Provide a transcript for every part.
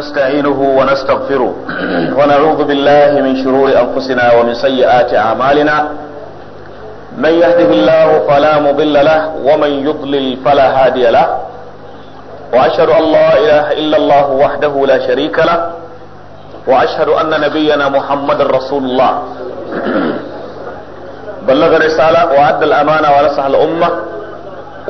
ونستعينه ونستغفره ونعوذ بالله من شرور أنفسنا ومن سيئات أعمالنا من يهده الله فلا مضل له ومن يضلل فلا هادي له وأشهد أن لا إله إلا الله وحده لا شريك له وأشهد أن نبينا محمد رسول الله بلغ الرسالة وعد الأمانة ونصح الأمة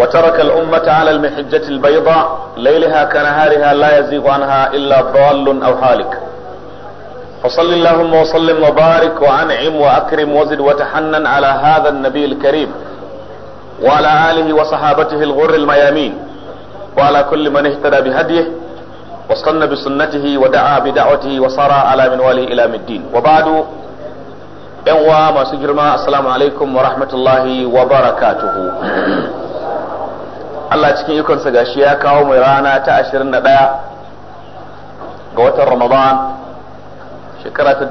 وترك الأمة على المحجة البيضاء ليلها كنهارها لا يزيغ عنها إلا ضال أو هالك فصل اللهم وسلم وبارك وأنعم وأكرم وزد وتحنن على هذا النبي الكريم وعلى آله وصحابته الغر الميامين وعلى كل من اهتدى بهديه واستنى بسنته ودعا بدعوته وصار على منواله إلى الدين وبعد yan ما masu girma assalamu alaikum wa rahmatullahi Allah cikin ikonsa gashi ya kawo mai rana ta 21 ga watan Ramadan shekara ta 1428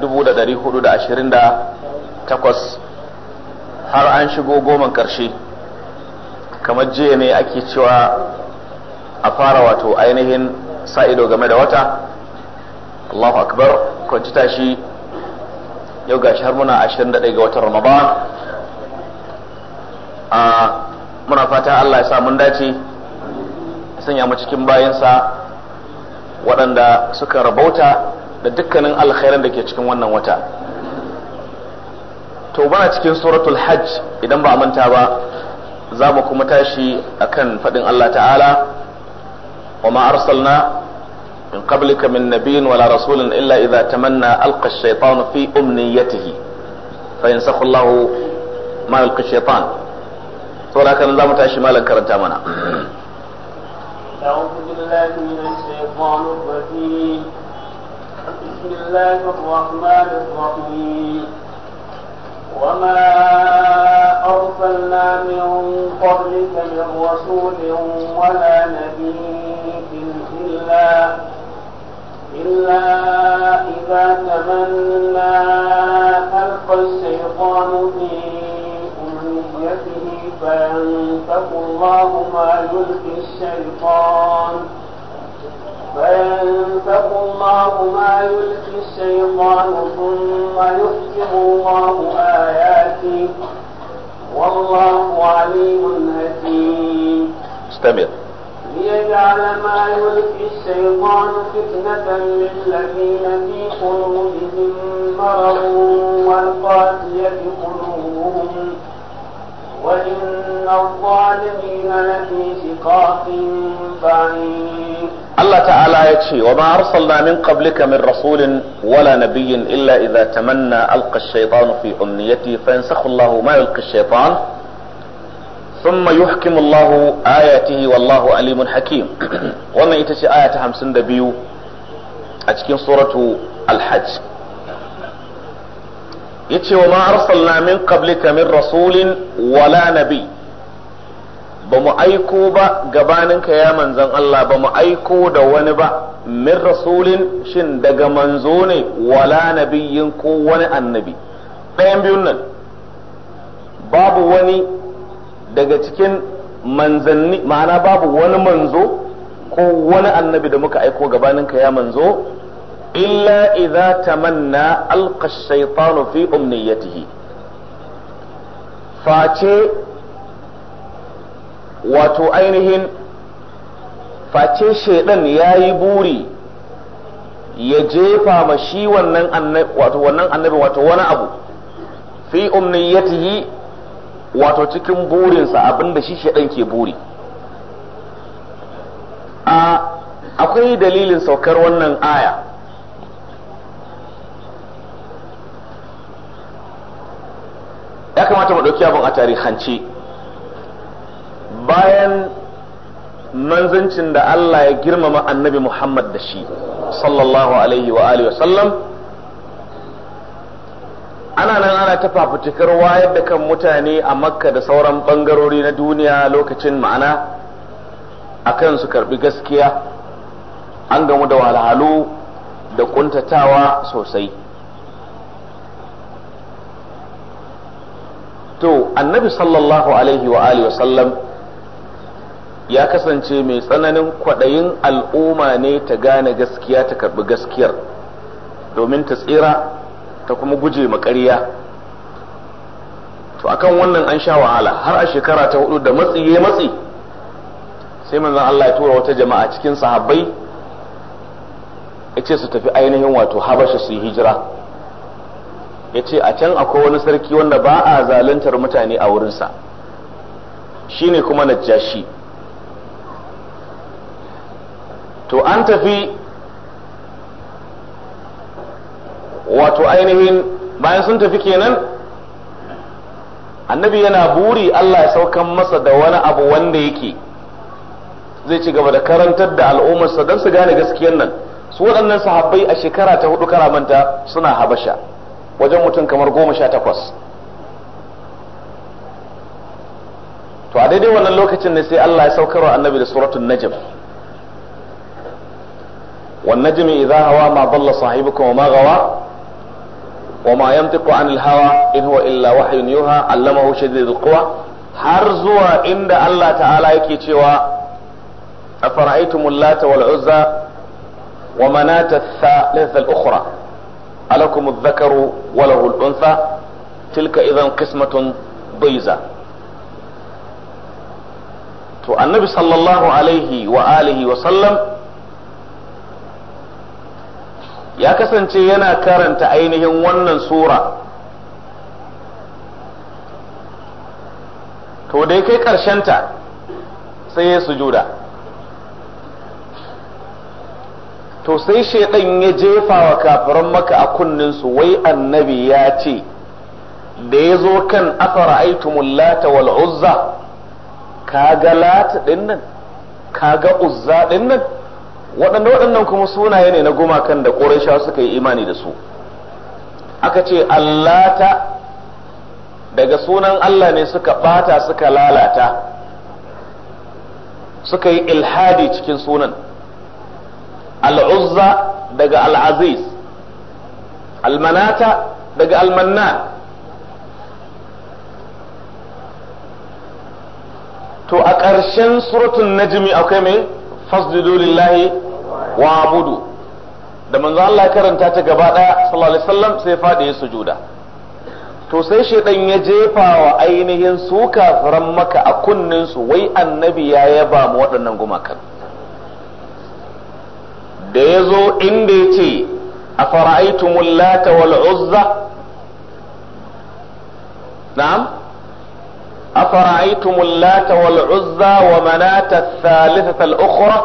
har an shigo goman karshe kamar jiya ne ake cewa a fara wato ainihin sa'ido game da wata Allahu akbar kwanci tashi yau gashi har muna 21 ga watan Ramadan a ah, muna fata Allah ya sa mun dace sanya mu cikin bayansa waɗanda suka rabauta da dukkanin alkhairan da ke cikin wannan wata to bana cikin suratul hajj idan ba a manta ba za mu kuma tashi akan faɗin Allah ta'ala wa ma arsalna min qablika min nabiyyin wala rasulin illa idza tamanna alqa ash-shaytanu fi umniyatihi fa yansakhu Allahu ma alqa ash saboda haka za mu tashi malam karanta mana أعوذ بالله من الشيطان الرجيم بسم الله الرحمن الرحيم وما أرسلنا من قبلك من رسول ولا نبي إلا إلا إذا تمنى ألقى الشيطان في أمنيته فينفق الله ما يلقي الشيطان فينفق الله ما يلقي الشيطان ثم يحكم الله آياته والله عليم حكيم استمع ليجعل ما يلقي الشيطان فتنة للذين في قلوبهم مرض والقاسية قلوبهم وإن الظالمين لفي الله تعالى يتشي وما أرسلنا من قبلك من رسول ولا نبي إلا إذا تمنى ألقى الشيطان في أمنيته فينسخ الله ما يلقي الشيطان ثم يحكم الله آياته والله عليم حكيم وما يتشي آية دبيو أتشكين سورة الحج yace wa ma arsalna min qablika min rasulin wala nabi ba mu aiko ba gabaninka ya manzan Allah ba mu aiko da wani ba min rasulin shin daga manzo ne wala nabiyin ko wani annabi ɗayan biyun nan babu wani daga cikin manzanni ma'ana babu wani manzo ko wani annabi da muka aiko gabaninka ya manzo illa idza tamanna alqa shaytanu fi umniyatihi face wato ainihin face shaidan ya yi buri ya jefa ma shi wannan annabi wato wani abu fi umniyatihi wato cikin burinsa abinda shi shaidan ke buri akwai dalilin saukar wannan aya abin a tarihance bayan manzancin da Allah ya girmama annabi Muhammad da shi sallallahu alaihi wa alihi sallam ana nan ana ta fafutukar wayar da kan mutane a makka da sauran bangarori na duniya lokacin ma'ana akan su karbi gaskiya an gamu da walhalu da kuntatawa sosai annabi sallallahu alaihi wa alihi wa sallam ya kasance mai tsananin kwaɗayin al'umma ne ta gane gaskiya ta karɓi gaskiyar domin ta tsira ta kuma guje ƙarya to akan wannan an sha wahala har a shekara ta hudu da matsi ya matsi sai manzon Allah ya tura wata jama'a cikin sahabbai ya ce su tafi ainihin wato habasha su yi hijira ya ce a can akwai wani sarki wanda ba a zaluntar mutane a wurinsa shi ne kuma jashi to an tafi wato ainihin bayan sun tafi kenan annabi yana buri Allah ya saukan masa da wani abu wanda yake zai ci gaba da karantar da al'ummarsa don su gane gaskiyar nan su waɗannan sahabbai a shekara ta hudu karamanta suna habasha wajen mutum kamar goma sha takwas to a daidai wannan lokacin ne sai Allah ya saukarwa annabi da suratul najm wan najmi idha hawa ma dalla sahibukum wa ma gawa wa ma yantiqu anil hawa in huwa illa wahyun yuha allamahu shadidul quwa har zuwa inda Allah ta'ala yake cewa afara'aytumul lata wal uzza wa manata ath-thalithal ukhra لكم الذكر وله الأنثى تلك إذا قسمة ضيزة to annabi sallallahu alaihi wa alihi wa sallam ya kasance yana karanta ainihin wannan sura to da ya kai ta sai ya sujuda to sai shaidan ya jefa wa kafiran maka a su wai annabi ya ce da ya zo kan afara aitumun lata wal uzza ga lata din nan ka ga uzza din nan waɗanda waɗannan kuma sunaye ne na gumakan da ƙorashawa suka yi imani da su aka ce allata daga sunan Allah ne suka ɓata suka lalata suka yi ilhadi cikin sunan al'uzza daga al'aziz almanata daga almanna, to a ƙarshen suratun najmi akwai mai fasjudu lillahi wa abudu da manzo Allah karanta ta gaba ɗaya, sallallahu alaihi wasallam sai faɗi ya sujuda to sai shaidan ya jefa wa ainihin su kafiran maka a kunninsu wai annabi ya yaba mu waɗannan gumakan da ya zo inda ya ce a fara'aitu lata wal uzza na'am a lata wal uzza wa manata thalithata al ukhra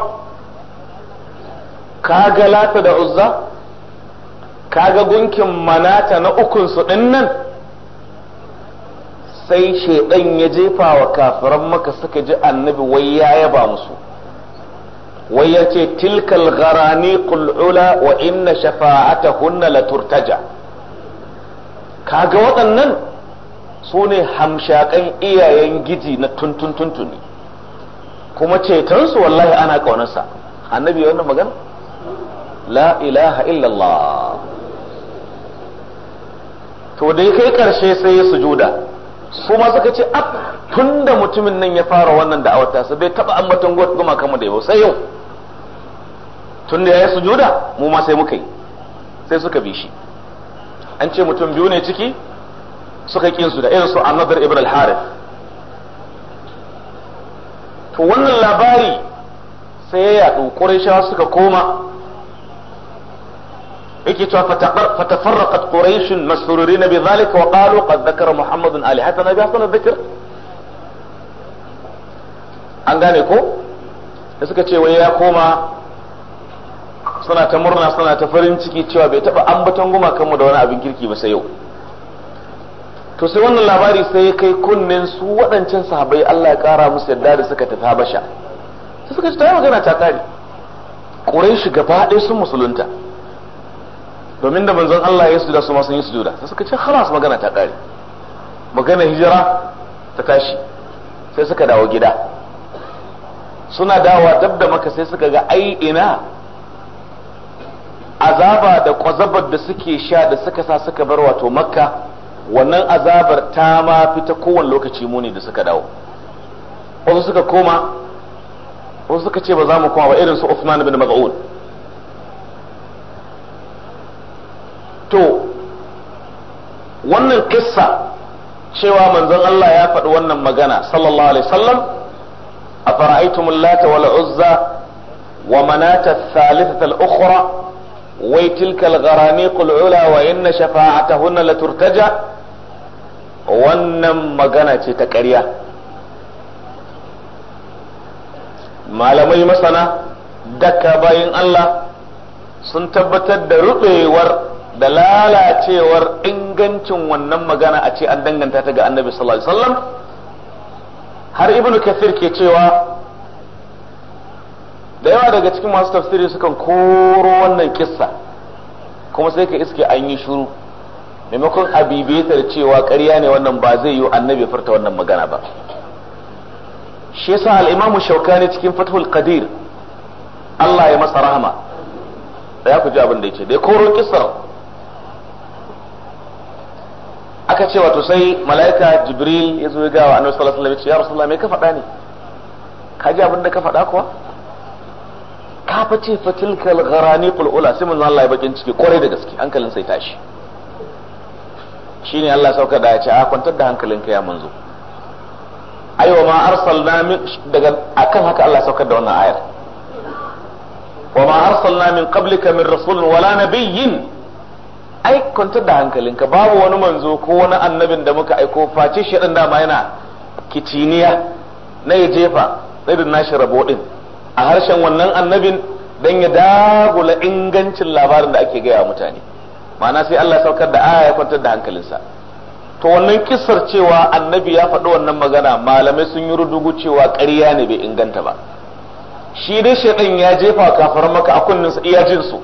kaga lata da uzza ga gunkin manata na ukun su dinnan sai shaidan ya jefa wa kafiran maka suka ji annabi wai ya yaba musu wai ya ce tilkal gharani kul'ula wa inna shafa'atahunna la turtaja kaga waɗannan su hamshakan iyayen giji na tuntun tuntuni kuma su wallahi ana ƙaunarsa annabi wannan magana la ilaha illa Allah. to dai kai ƙarshe sai ya sujuda su ma suka ce ab tunda mutumin nan ya fara wannan da'awar tasa bai taɓa ambaton goma kama da yau sai yau tun da ya yi sujuda mu ma sai muka yi sai suka bi shi an ce mutum biyu ne ciki suka kin su da irin su annabar ibn al-harith to wannan labari sai ya yaɗu qurayshawa suka koma yake cewa fatafarraqat quraish masrurin bi dhalika wa qalu qad dhakara muhammadun alihatana bi hasan dhikr an gane ko da suka ce wai ya koma suna ta murna suna ta farin ciki cewa bai taba ambaton gumakanmu da wani abin kirki ba sai yau to sai wannan labari sai ya kai kunnen su waɗancan sahabbai Allah ya ƙara musu yadda da suka tafi Habasha sai suka ci ta magana ta kare Quraish gaba ɗaya sun musulunta domin da manzon Allah ya sujuda su ma sun yi sujuda sai suka ce khalas magana ta kare magana hijira ta tashi sai suka dawo gida suna dawa dab da maka sai suka ga ai ina azaba da kwazabar da suke sha da suka sa suka bar wato makka wannan azabar ta ma fita kowane lokaci muni da suka dawo wasu suka koma wasu suka ce ba za mu koma ba irin su usman bin Maz'un to wannan kissa cewa manzon Allah ya faɗi wannan magana sallallahu alaihi wasallam afara'aytum lata wal uzza wa manata thalithata al-ukhra wai tilkal gharaniqul ula wa inna shafa'atahunna laturtaja wannan magana ce ta ƙarya malamai masana daka bayin Allah sun tabbatar da rubewar da lalacewar ingancin wannan magana a ce an danganta ta ga annabi sallallahu alaihi wasallam har ibnu kathir ke cewa da yawa daga cikin masu tafsiri sukan koro wannan kissa kuma sai ka iske an yi shuru maimakon abibetar cewa ƙarya ne wannan ba zai yi annabi furta wannan magana ba shi yasa al-imamu shaukani cikin fathul qadir Allah ya masa rahama da ya ku ji abin da yake da ya koro kissar aka ce wato sai mala'ika jibril ya zo ya ga wa annabi sallallahu alaihi wasallam ya ce ya rasulullah me ka faɗa ne ka ji abin da ka faɗa kuwa ka fa ce fatilkal gharaniqul ula sai mun Allah ya bakin ciki kwarai da gaske hankalin sai tashi shine Allah sauka da ya ce a kwantar da hankalin ka ya manzo aiwa ma arsalna min daga akan haka Allah sauka da wannan ayar wa ma arsalna min qablika min rasulin wala nabiyyin ai kwantar da hankalin ka, babu wani manzo ko wani annabin da muka aiko face shi dan dama yana kitiniya na ya jefa da nashi rabo din a harshen wannan annabin dan ya dagula ingancin labarin da ake gaya mutane ma'ana sai Allah saukar da aya ya kwantar da hankalinsa to wannan kisar cewa annabi ya faɗi wannan magana malamai sun yi rudugu cewa ƙarya ne bai inganta ba shi dai shaɗan ya jefa kafar maka a kunninsa iya jinsu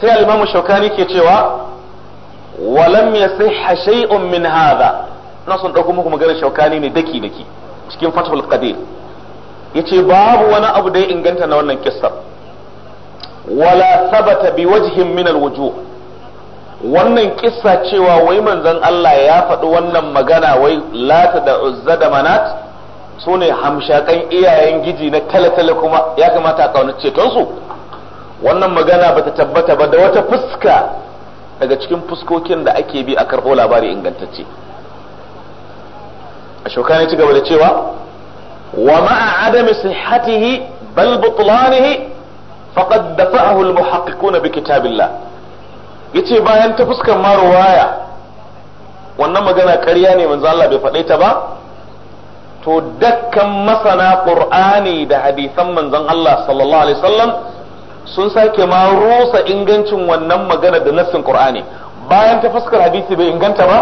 sai al shaukani ke cewa walam yasihha shay'un min hadha na sun ɗauko muku maganar shaukani ne daki daki cikin fathul qadir yace babu wani abu da ya inganta na wannan kissar wala sabata bi wajhin min alwujuh wannan kissa cewa wai manzon Allah ya faɗi wannan magana wai lata da uzza da manat Sune hamshakan iyayen giji na talatala kuma ya kamata a kaunar su. wannan magana bata tabbata ba da wata fuska daga cikin fuskokin da ake bi a karɓo labari ingantacce a shokani ci gaba da cewa ومع عدم صحته بل بطلانه فقد دفعه المحققون بكتاب الله yace bayan ta fuskar ma wannan magana ƙarya ne manzo Allah bai faɗe ta ba to dakkan masana qur'ani da hadisan manzon Allah sallallahu alaihi wasallam sun sake ma rusa ingancin wannan magana da nassin qur'ani bayan ta fuskar hadisi bai inganta ba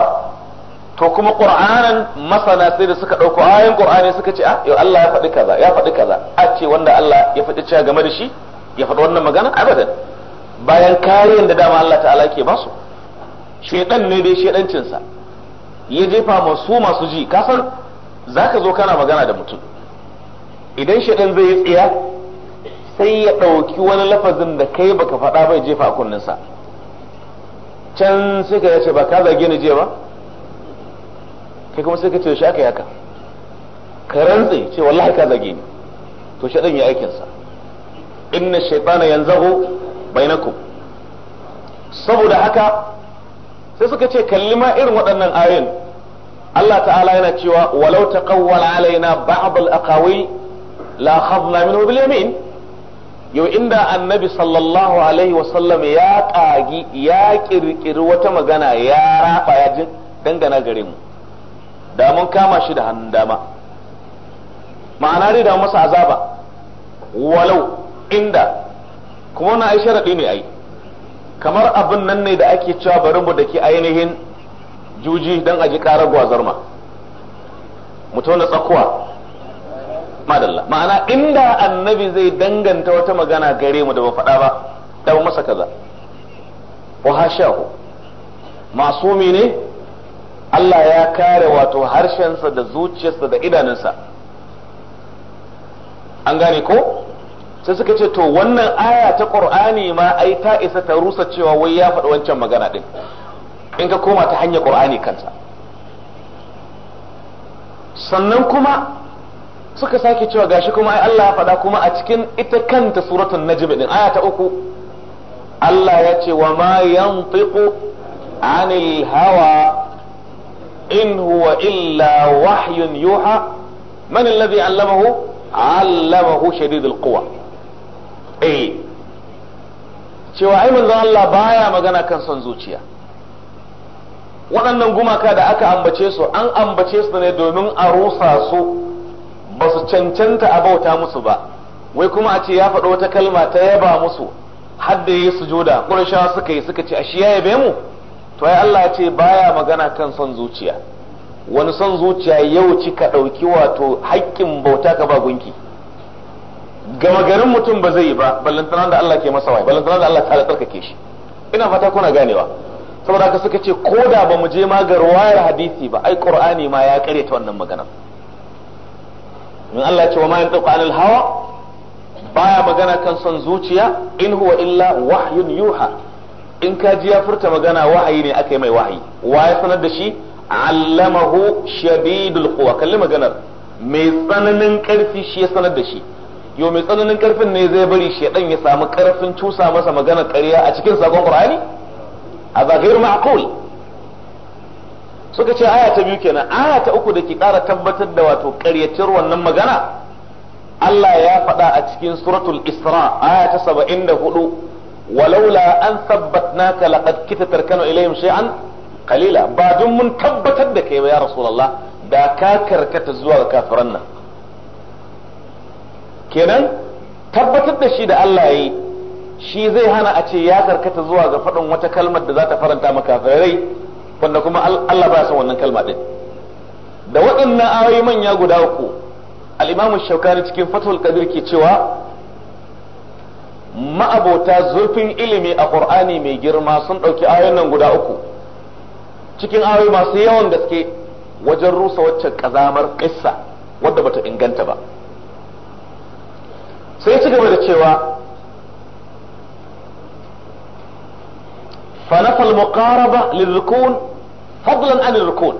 to kuma qur'anan masana sai da suka dauko ayoyin qur'ani suka ce ah yau Allah ya faɗi kaza ya faɗi kaza a ce wanda Allah ya faɗi cewa game da shi ya faɗi wannan magana abadan bayan kariyar da dama Allah ta'ala ke basu shedan ne dai shedancin sa ya jefa masu masu ji kasan zaka zo kana magana da mutum idan shedan zai yi tsiya sai ya ɗauki wani lafazin da kai baka faɗa bai jefa a sa. can sai ka yace ba ka zage ni je ba kai kuma sai ka ce shi aka yaka ka rantse ce wallahi ka zage ni to dan ya aikin sa inna shaytana yanzahu bainakum saboda haka sai suka ce kalli ma irin waɗannan ayoyin Allah ta'ala yana cewa walau taqawwala alaina ba'd al-aqawi la khadna minhu bil yamin yau inda annabi sallallahu alaihi wasallam ya ƙagi ya ƙirƙiri wata magana ya rafa ya dangana gare mu da mun kama shi da hannun dama ma'ana dai da masa azaba walau inda kuma na ai sharadi ne ai kamar abin nan ne da ake cewa bari mu dake ainihin juji don a ji karar gwazar ma mutum da tsakuwa madalla ma'ana inda annabi zai danganta wata magana gare mu da ba faɗa ba da masa kaza wa hashahu masumi ne Allah ya kare wato harshensa da zuciyarsa da idanunsa an gane ko sai suka ce to wannan aya ta qur'ani ma ai ta isa ta rusa cewa wai ya faɗi wancan magana ɗin in ka koma ta hanyar qur'ani kansa sannan kuma suka sake cewa gashi kuma ai Allah ya faɗa kuma a cikin ita kanta suratul najm din aya ta uku Allah ya ce wa ma yantiqu anil hawa in huwa illa wahyun yuha man alladhi allamahu allamahu shadidul quwa eh cewa ai manzon Allah baya magana kan son zuciya waɗannan gumaka da aka ambace su an ambace su ne domin a rusa su ba su cancanta a bauta musu ba wai kuma a ce ya faɗo wata kalma ta yaba musu har da yi sujuda ƙurashawa suka yi suka ce a shi ya yabe mu to ai Allah ya ce baya magana kan son zuciya wani son zuciya yau ci ka ɗauki wato haƙƙin bauta ka ba gunki gama garin mutum ba zai yi ba ballantana da Allah ke masa wai ballantana da Allah ta tsarkake shi ina fata kuna ganewa saboda haka suka ce ko da ba mu je ma ga ruwayar hadisi ba ai qur'ani ma ya kare ta wannan magana in Allah ya ce wa ma yantiqu anil hawa baya magana kan son zuciya in huwa illa wahyun yuha in ka ji ya furta magana wahayi ne aka yi mai wahayi wa ya sanar da shi allamahu shadidul quwa kalli maganar mai tsananin karfi shi ya sanar da shi yo mai tsananin karfin ne zai bari dan ya samu karfin cusa masa magana ƙarya a cikin sakon qur'ani a zagayar ma'qul suka ce aya ta biyu kenan aya ta uku da ke ƙara tabbatar da wato ƙaryatar wannan magana Allah ya faɗa a cikin suratul Isra aya ta 74 walaula an sabbatnaka laqad kita tarkanu ilayhim shay'an qalila ba dun mun tabbatar da kai ba ya rasulullah da ka karkata zuwa ga nan kenan tabbatar da shi da Allah yayi shi zai hana a ce ya karkata zuwa ga faɗin wata kalmar da za faranta maka rai wanda kuma Allah ba son wannan kalma din da waɗannan ayoyi manya guda uku al shauka Shawkani cikin Fathul Qadir ke cewa ma'abota zurfin ilimi a Kur'ani mai girma sun ɗauki ayoyin nan guda uku cikin ayoyi masu yawan gaske wajen rusa waccan kazamar kissa wadda bata inganta ba sai ci gaba da cewa فنفى المقاربة fadlan an عن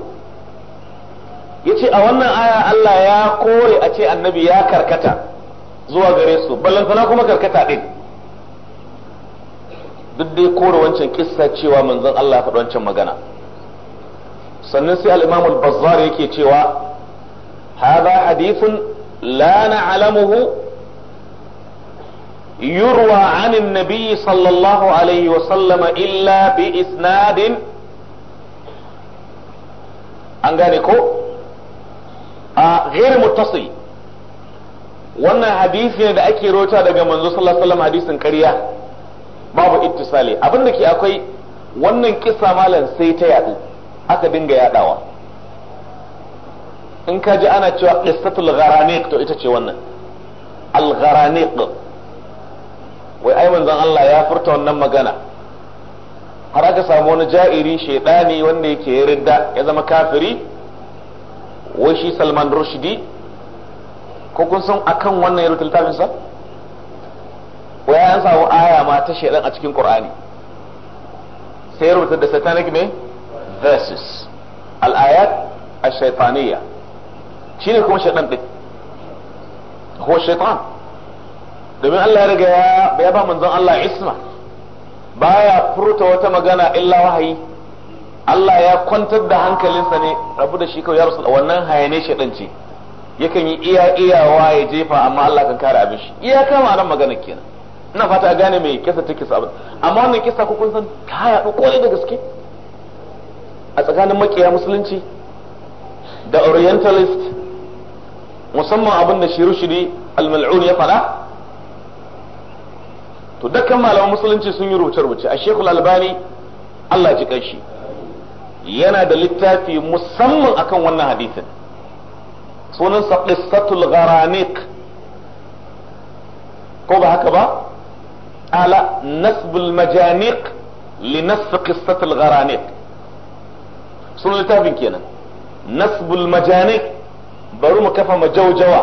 ya ce a wannan aya Allah ya kore a ce annabi ya karkata zuwa gare su ballan fana kuma karkata din duk dai kore wancan kissa cewa manzon Allah ya faɗi wancan magana sannan sai al-Imam al-Bazzar yake cewa hadha hadithun la na'lamuhu yurwa 'an an-nabi sallallahu alaihi wa sallama illa bi isnadin an gane ko a ghair muttasil wannan hadisi ne da ake rota daga manzo sallallahu alaihi wasallam hadisin ƙarya babu ittisali abin da ke akwai wannan kisa malam sai ta yadu aka dinga yadawa in ka ji ana cewa qissatul gharaniq to ita ce wannan al gharaniq wai ai manzon Allah ya furta wannan magana har aka samu wani ja'iri shaidani wanda yake ridda ya zama kafiri wai shi Salman Rushdie ko kun san akan wannan ya rubuta littafin sa Waya an samu aya ma ta shedan a cikin qur'ani sai rubuta da satanic me verses al-ayat ash Shi shine kuma shedan din ko shaytan domin Allah ya riga ya ba manzon Allah isma baya furta wata magana illa wahayi Allah ya kwantar da hankalinsa ne rabu da shi kawai ya rasu wannan hayane shaɗan ce yakan yi iya iyawa ya jefa amma Allah kan kare abin shi iya kama nan magana kenan ina fata a gane mai kisa ta kisa amma wannan kisa ko kun san ta yaɗu kwarai da gaske a tsakanin makiya musulunci da orientalist musamman abin da shiru shiri al ya faɗa to dukkan malaman musulunci sun yi rubuce rubuce a shekul albani Allah ji kanshi yana da littafi musamman akan wannan hadisin sunansa qissatul gharaniq ko ba haka ba على نسب المجانيق لنصف قصة الغرانيق سنو لتابين كينا نسب المجانيق برو مكفى مجو جوا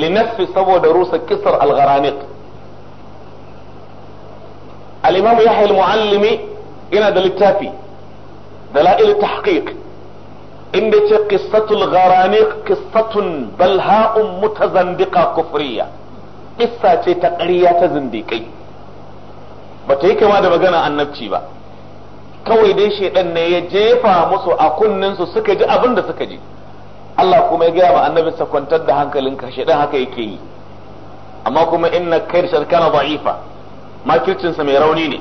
لنصف سوى دروس كسر الغرانيق الامام يحيى المعلمي انا دلتابي دلائل التحقيق ان قصة الغرانيق قصة بلهاء متزندقة كفرية قصة تقرية زنديكي bata yi kama da magana annabci ba kawai dai shaidan ne ya jefa musu a kunnen su suka ji abin da suka ji Allah kuma ya gaya ma annabi sa kwantar da hankalinka shaidan haka yake yi amma kuma inna kai kana da'ifa makircin sa mai rauni ne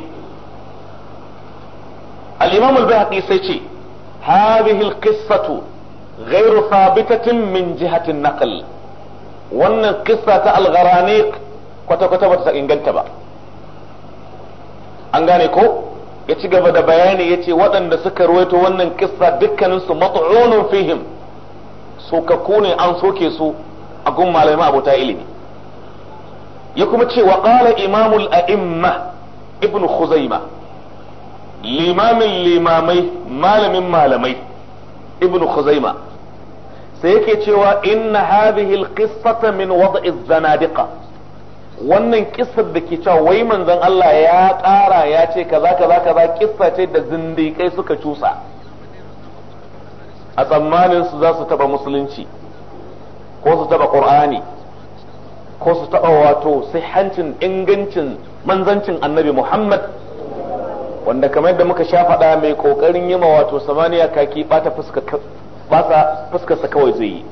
al-imam al sai ce hadhihi al-qissatu غير ثابتة من جهة النقل wannan kissa ta algharaniq kwata-kwata ba ta inganta ba an gane ko ya ci gaba da bayani ya ce waɗanda suka ruwaito wannan kissa dukkaninsu mat'unun fihim sokakku ne an soke su a gun malamai abota ilimi ya kuma ce wa ƙala imamul a'imma ibn khuzaima limamin limamai malamin malamai ibn khuzaima sai yake cewa inna hadhihi alqissata min wad'i zanadiqa wannan kissar da ke cewa wai manzon Allah ya ƙara ya ce kaza kaza kaza kissa ce da kai suka cusa a tsammanin su za su taba musulunci ko su taba qur'ani ko su taba wato sihancin ingancin manzancin annabi Muhammad wanda kamar da muka sha faɗa mai ƙoƙarin yima wato samaniya kaki ɓata fuskarsa kawai zai yi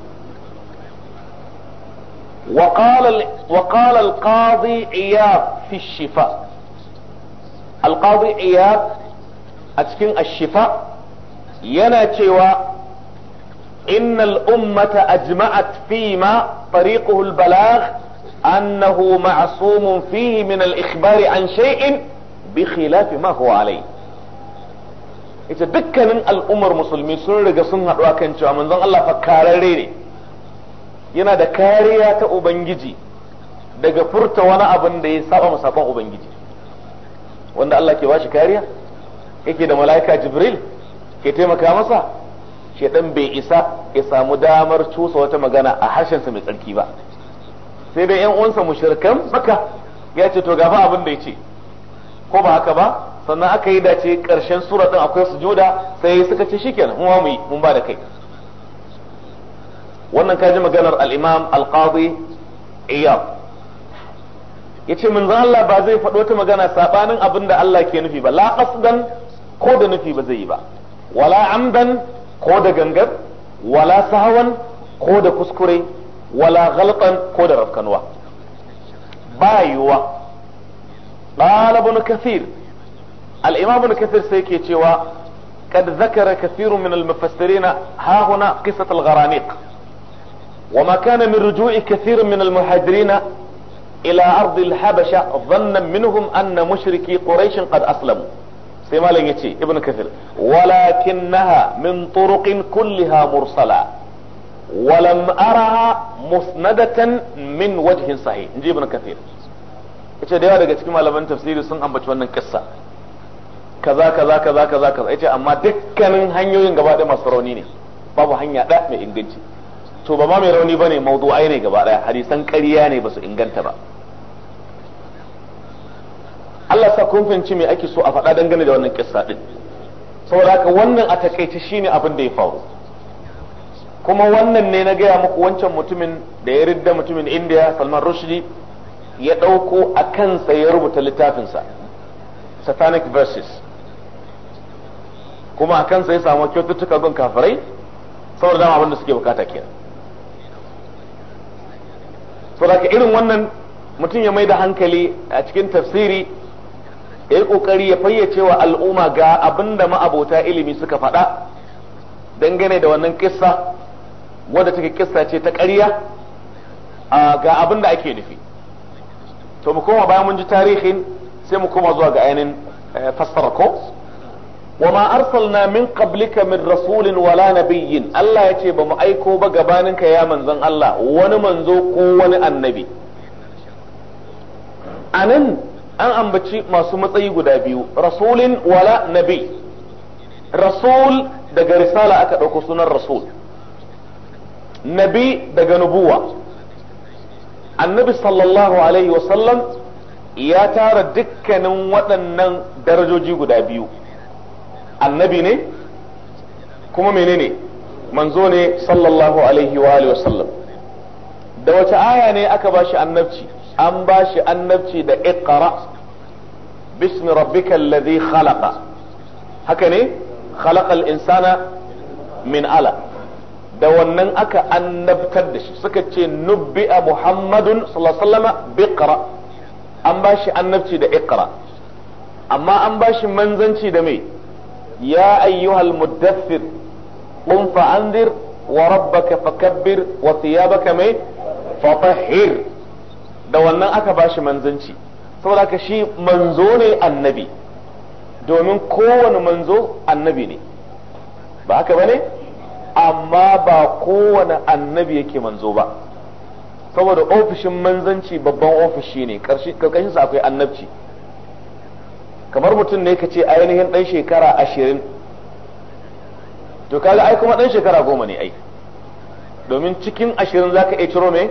وقال وقال القاضي عياض في الشفاء القاضي عياض اسكن الشفاء ينا تيوى إن الأمة أجمعت فيما طريقه البلاغ أنه معصوم فيه من الإخبار عن شيء بخلاف ما هو عليه اذا dukkanin al'ummar musulmi sun riga sun haɗu a kan cewa manzon Allah fa yana da kariya ta ubangiji daga furta wani abin da ya saba musafan ubangiji wanda Allah ke bashi kariya yake da mala'ika jibril ke taimaka masa dan bai isa ya samu damar cusa wata magana a harshen harshensa mai tsarki ba sai dai yan uwansa mushrikan baka ya ce to gafa abin da ya ce ko ba haka ba sannan aka yi dace karshen sura din akwai sujuda sai suka ce shikenan mu mu mun ba da kai wannan ka ji maganar al-imam al-qadi iyab yace manzo Allah ba zai faɗo ta magana saɓanin abin da Allah ke nufi ba la qasdan ko da nufi ba zai yi ba wala amdan ko da gangar wala sahawan ko da kuskure wala ghalqan ko da rafkanuwa ba yiwa qala ibn kathir al sai ke kathir sai yake cewa قد ذكر كثير من المفسرين ها هنا وما كان من رجوع كثير من المهاجرين إلى أرض الحبشة ظنا منهم أن مشركي قريش قد أسلموا سيما يتي ابن كثير ولكنها من طرق كلها مرسلة ولم أرها مسندة من وجه صحيح نجي ابن كثير yace da yawa daga cikin malaman tafsiri sun ambaci wannan kissa kaza kaza kaza kaza kaza yace amma dukkanin hanyoyin gaba ɗaya masu rauni ne babu hanya da mai inganci to ba ma mai rauni bane mawdu'ai ne gaba daya hadisan ƙarya ne ba su inganta ba Allah sa kun fahimci me ake so a faɗa dangane da wannan kissa din saboda haka wannan a takaice shine abin da ya faru kuma wannan ne na gaya muku wancan mutumin da ya ridda mutumin indiya salman rushdi ya ɗauko a kansa ya rubuta littafinsa satanic verses kuma a kansa ya samu kyaututtuka gun kafirai saboda dama abin da suke bukata kenan saboda irin wannan mutum ya mai da hankali a cikin tafsiri ya yi kokari ya fayyace wa al'umma ga abin da ma'abota ilimi suka faɗa dangane da wannan kissa wadda take kissa ce ta ƙarya ga abin da ake nufi to mu koma bayan mun ji tarihin sai mu koma zuwa ga ainihin eh, fassara ko wa ma arsalna min qablika min rasulin wala nabiyyin Allah ya ce bamu aiko ba gabaninka ya manzon Allah wani manzo ko wani annabi anan an ambaci masu matsayi guda biyu rasulin wala nabi rasul daga risala aka ɗauko sunan rasul nabi daga nubuwa annabi sallallahu alaihi wasallam ya tara dukkanin waɗannan darajoji guda biyu annabi ne kuma menene manzo ne sallallahu alaihi wa alihi wasallam da wace aya ne aka bashi annabci an bashi annabci da iqra bismi rabbikal ladhi khalaqa haka ne khalaqal insana min ala da wannan aka annabtar da shi suka ce nubbi'a muhammadun sallallahu alaihi wasallama biqra an bashi annabci da iqra amma an bashi manzanci da mai. يا أيها المدثر قم فأنذر وربك فكبر وثيابك مي فطهر da wannan aka bashi manzanci saboda ka shi manzo ne annabi domin kowane manzo annabi ne ba haka bane amma ba kowane annabi yake manzo ba saboda ofishin manzanci babban ofishi ne karkashin akwai annabci kamar mutum ne ka ce ainihin ɗan shekara ashirin to kaga ai kuma ɗan shekara goma ne ai domin cikin ashirin za ka iya ciro me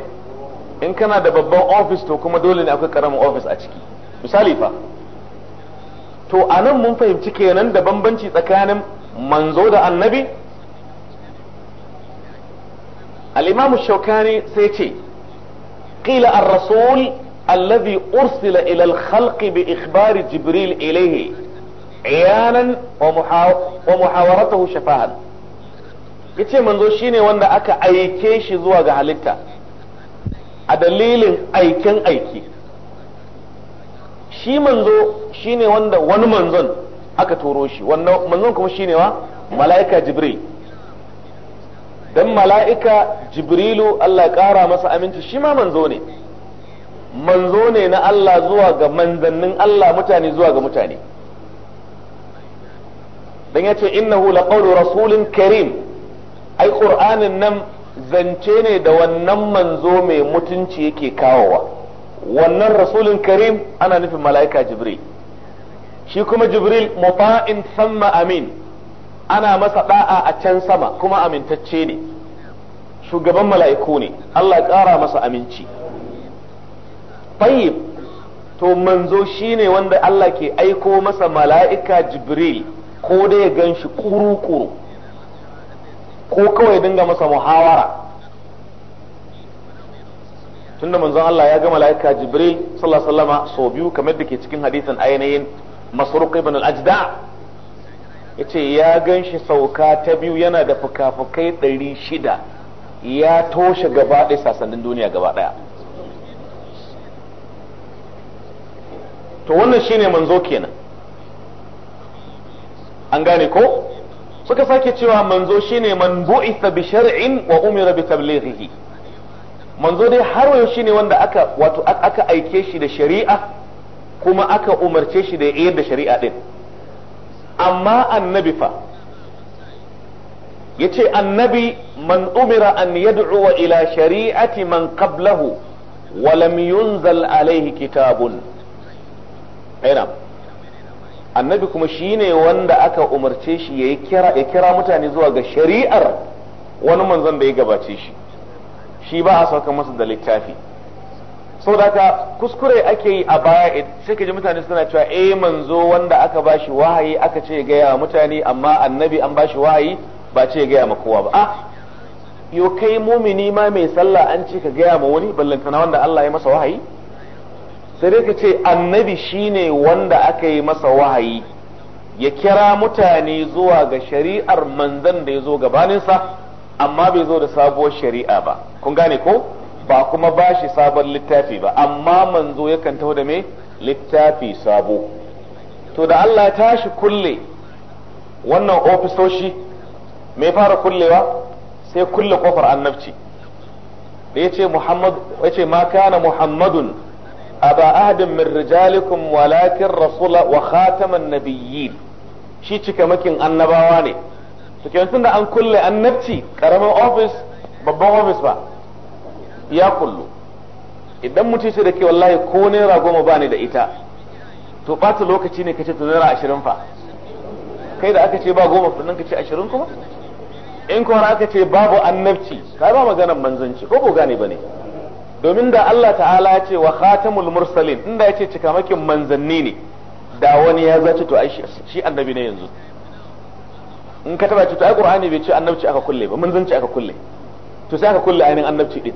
in kana da babban ofis to kuma dole ne akwai karamin ofis a ciki misali fa to a nan mun fahimci kenan da bambanci tsakanin manzo da annabi al-imamu shaukani sai ce qila ar-rasul الذي أرسل إلى الخلق بإخبار جبريل إليه عيانا ومحاورته شفاعا yace manzo shine wanda aka aike shi zuwa ga halitta a dalilin aiken aiki shi manzo shine wanda wani manzon aka turo shi wanda manzon kuma shine wa mala'ika jibril dan mala'ika jibrilu Allah ya kara masa aminci shi ma manzo ne manzo ne na Allah zuwa ga manzannin Allah mutane zuwa ga mutane dan ya yace innahu qawlu rasulin karim ai qur'anin nan zance ne da wannan manzo mai mutunci yake kawowa wannan rasulin karim ana nufin mala'ika jibril shi kuma jibril mufa'in samma amin ana masa da'a a can sama kuma amintacce ne shugaban mala'iku ne Allah ya ƙara masa aminci tayyib to manzo shine wanda Allah ke aiko masa mala'ika jibril ko da ya ganshi kuru-kuru ko kawai dinga masa muhawara tunda manzon Allah ya ga mala'ika jibril sallallahu alaihi wasallama biyu kamar da ke cikin hadisin ainihin masruq ibn al-ajda yace ya ganshi sauka ta biyu yana da fuka-fukai shida, ya toshe gaba ɗaya sasannin duniya gaba ɗaya to wannan shine manzo kenan an gane ko suka sake cewa manzo shine man bu'itha bi shar'in wa umira bi tablighihi manzo dai har yau shine wanda aka wato aka aike shi da shari'a kuma aka umarce shi da yayar da shari'a din amma annabi fa yace annabi man umira an yad'u ila shari'ati man qablahu wa lam yunzal alayhi kitabun aina annabi kuma shine wanda aka umarce shi ya kira ya kira mutane zuwa ga shari'ar wani manzon da ya gabace shi shi ba a sauka masa da littafi saboda ka kuskure ake yi a baya sai ka ji mutane suna cewa eh manzo wanda aka bashi wahayi aka ce gaya mutane amma annabi an bashi wahayi ba ce gaya ma kowa ba ah yo kai mumini ma mai sallah an ce ka gaya ma wani ballantana wanda Allah ya masa wahayi sai dai ka ce annabi shine wanda aka yi masa wahayi ya kira mutane zuwa ga shari'ar manzan da ya zo gabaninsa amma bai zo da sabuwar shari'a ba kun gane ko ba kuma ba shi sabon littafi ba amma manzo yakan taho da me littafi sabo to da Allah tashi kulle wannan ofisoshi mai fara kullewa sai kulle kofar annabci da ya ce ma kana muhammadun aba ahadin min rijalikum walakin rasula wa khataman nabiyyin shi makin annabawa ne to kenan da an kulle annabci karamin office babban office ba ya kullu idan mutum ce da ke wallahi ko naira goma ba ne da ita to ɓata lokaci ne kace to naira ashirin fa kai da aka ce ba goma sannan ka ce ashirin kuma in ko kuma aka ce babu annabci ka ba maganar manzanci ko ba gane ba ne domin da Allah ta'ala ya ce wa khatamul mursalin inda ya ce cikamakin manzanni ne da wani ya zace to ai shi annabi ne yanzu in ka taba ce to ai qur'ani bai ce annabci aka kulle ba manzanci aka kulle to sai aka kulle ainin annabci din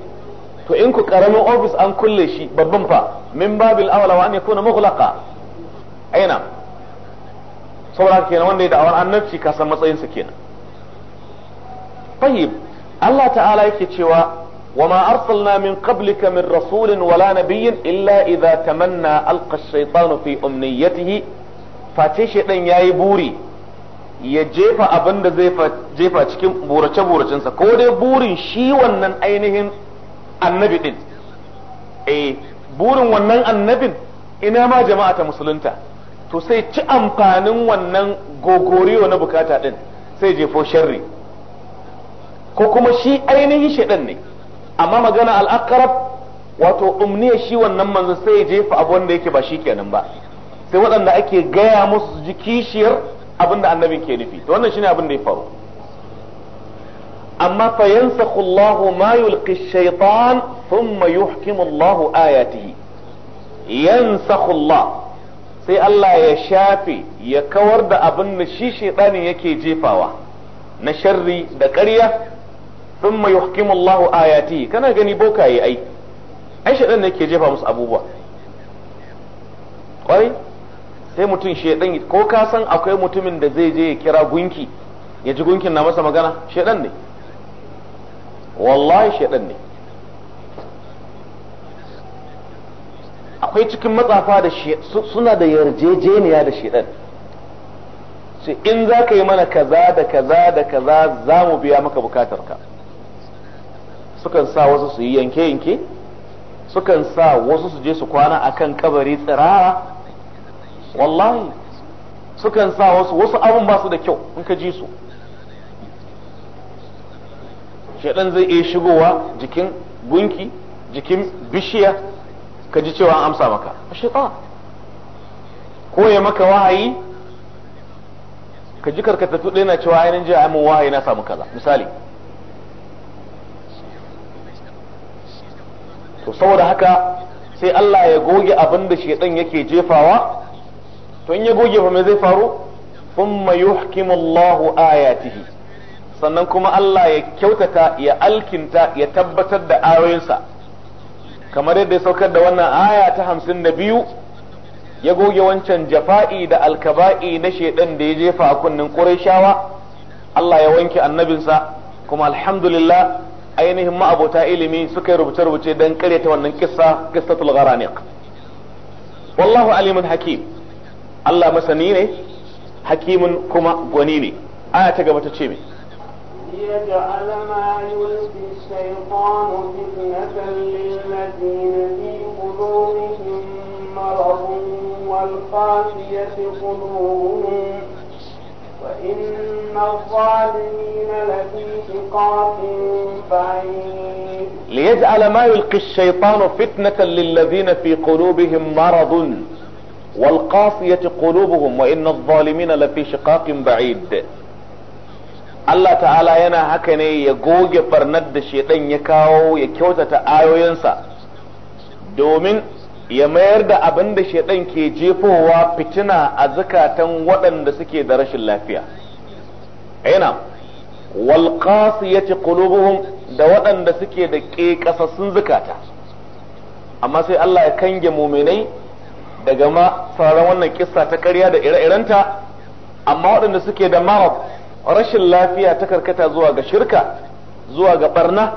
to in ku karamin office an kulle shi babban fa min babil awla wa an yakuna mughlaqa aina saboda kenan wanda ya da'awar annabci ka san matsayin sa kenan fahim Allah ta'ala yake cewa وما أرسلنا من قبلك من رسول ولا نبي إلا إذا تمنى ألقى الشيطان في أمنيته فاتشي ɗin ya yi buri ya jefa abin da zai jefa cikin burace-buracensa ko dai burin shi wannan ainihin annabi ɗin eh burin wannan annabin ina ma jama'a ta musulunta to sai ci amfanin wannan gogoriyo na bukata ɗin sai jefo sharri ko kuma shi ainihin shaɗan ne amma magana al-aqrab wato umniya shi wannan manzo sai ya jefa abu wanda yake ba shi kenan ba sai waɗanda ake gaya musu ji kishiyar abin da annabin ke nufi to wannan shine abin da ya faru amma fa yansakhu Allah ma yulqi shaytan thumma yuhkimu Allah ayatihi yansakhu Allah sai Allah ya shafe ya kawar da abin da shi shaytanin yake jefawa na sharri da ƙarya thumma yuhkimu Allahu ayati kana gani bokaye ai ai shedan ne ke jefa musu abubuwa kwarai sai mutum shedan ko ka san akwai mutumin da zai je ya kira gunki ya ji gunkin na masa magana shedan ne wallahi shedan ne akwai cikin matsafa da suna da yarjejeniya da shedan sai in za ka yi mana kaza da kaza da kaza za mu biya maka bukatarka sukan sa wasu su yi yanke-yanke sukan sa wasu su je su kwana akan kabari tsirara wallahi sukan sa wasu wasu abun ba su da kyau in ka ji su shaɗan zai iya shigowa jikin gunki jikin bishiya ka ji cewa an amsa maka shaitan ko ya maka wahayi ka ji karkatattu ɗaya na cewa ainihin jiya mun wahayi na samu kaza misali to saboda haka sai Allah ya goge abin da shaitan yake jefawa to in ya goge fa me zai faru thumma yuhkimu Allah ayatihi sannan kuma Allah ya kyautata ya alkinta ya tabbatar da ayoyinsa kamar yadda ya saukar da wannan aya ta hamsin da biyu ya goge wancan jafa'i da alkaba'i na shaiɗan da ya jefa a kunnen shawa Allah ya wanke annabinsa kuma alhamdulillah ainihin ma'abota ilimi suka yi rubuce-rubuce don karyata wannan kissa kissa tulgara ne wallahu alimun hakim Allah masani ne hakimun kuma gwani ne aya ta gaba ta ce mai ليجعل ما يلقي الشيطان فتنة للذين في قلوبهم مرض والقاسية قلوبهم وإن الظالمين لفي شقاق ليجعل ما يلقي الشيطان فتنة للذين في قلوبهم مرض والقاسية قلوبهم وإن الظالمين لفي شقاق بعيد الله تعالى ينا هكني ne ya الشيطان يكاو da آيو ينسى دومين ya mayar da abin da shaidan ke jefowa fitina a zukatan waɗanda suke da rashin lafiya aina wal qasiyati qulubuhum da waɗanda suke da sun zukata amma sai Allah ya kange muminai daga ma sauran wannan kissa ta ƙarya da ire-irenta amma waɗanda suke da marab rashin lafiya ta karkata zuwa ga shirka zuwa ga barna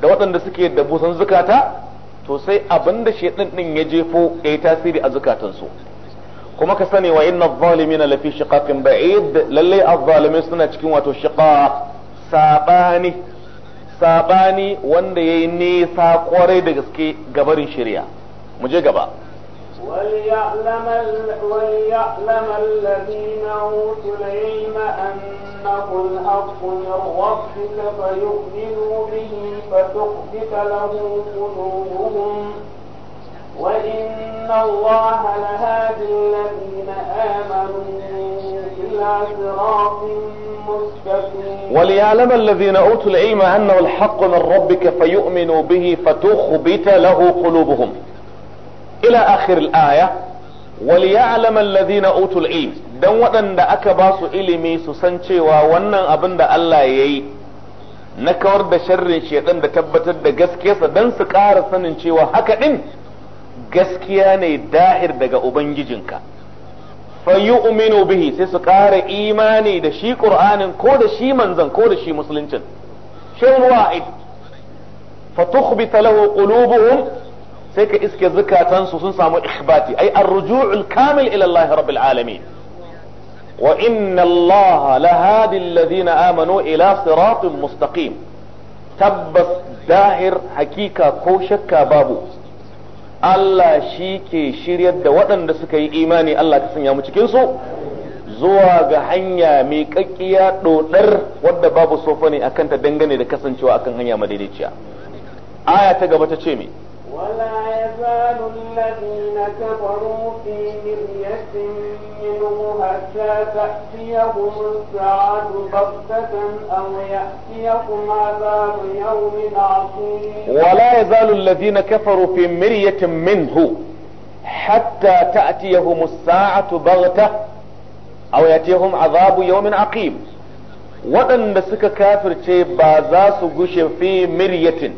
da waɗanda suke da busan zukata to sai abinda shaitan din ya jefo yi tasiri a zukatansu kuma ka sani wa inna adh lafi shiqaqin ba'id lalle a dhalimin suna cikin wato shiqaq saɓani sabani wanda yayi nesa kwarai da gaske gabarin shari'a mu je gaba وليعلم, وليعلم الذين أوتوا العلم أنه الحق من ربك فيؤمنوا به فتخبت له قلوبهم وإن الله لهادي الذين آمنوا إلى صراط مستقيم وليعلم الذين أوتوا العلم أنه الحق من ربك فيؤمنوا به فتخبت له قلوبهم ila akhir aya wal ya'lam alladhina utul ilm dan waɗanda aka ba su ilimi su san cewa wannan abin da Allah yayi na kawar da sharrin shedan da tabbatar da gaskiyarsa dan su ƙara sanin cewa haka ɗin gaskiya ne da'ir daga ubangijinka fa yu'minu bihi sai su ƙara imani da shi ƙur'ani ko da shi manzon ko da shi musuluncin shin wa'id fa tukhbita lahu qulubuhum sai ka iske zukatansu sun samu ikhbati ai ar-ruju'ul kamil ila Allah rabbil alamin wa inna Allah hadi alladhina amanu ila siratin mustaqim tabbas dahir hakika ko shakka babu Allah shi ke shiryar da waɗanda suka yi imani Allah ka sanya mu cikin su zuwa ga hanya mai kakkiya dodar wadda babu sofa ne akan ta dangane da kasancewa akan hanya madaidaiciya aya ta gaba ta ce me ولا يزال الذين كفروا في مرية منه حتى تأتيهم الساعة بغتة أو يأتيهم عذاب يوم عظيم ولا يزال الذين كفروا في مرية منه حتى تأتيهم الساعة بغتة أو يأتيهم عذاب يوم عقيم waɗanda suka kafirce ba za su gushe fi miryatin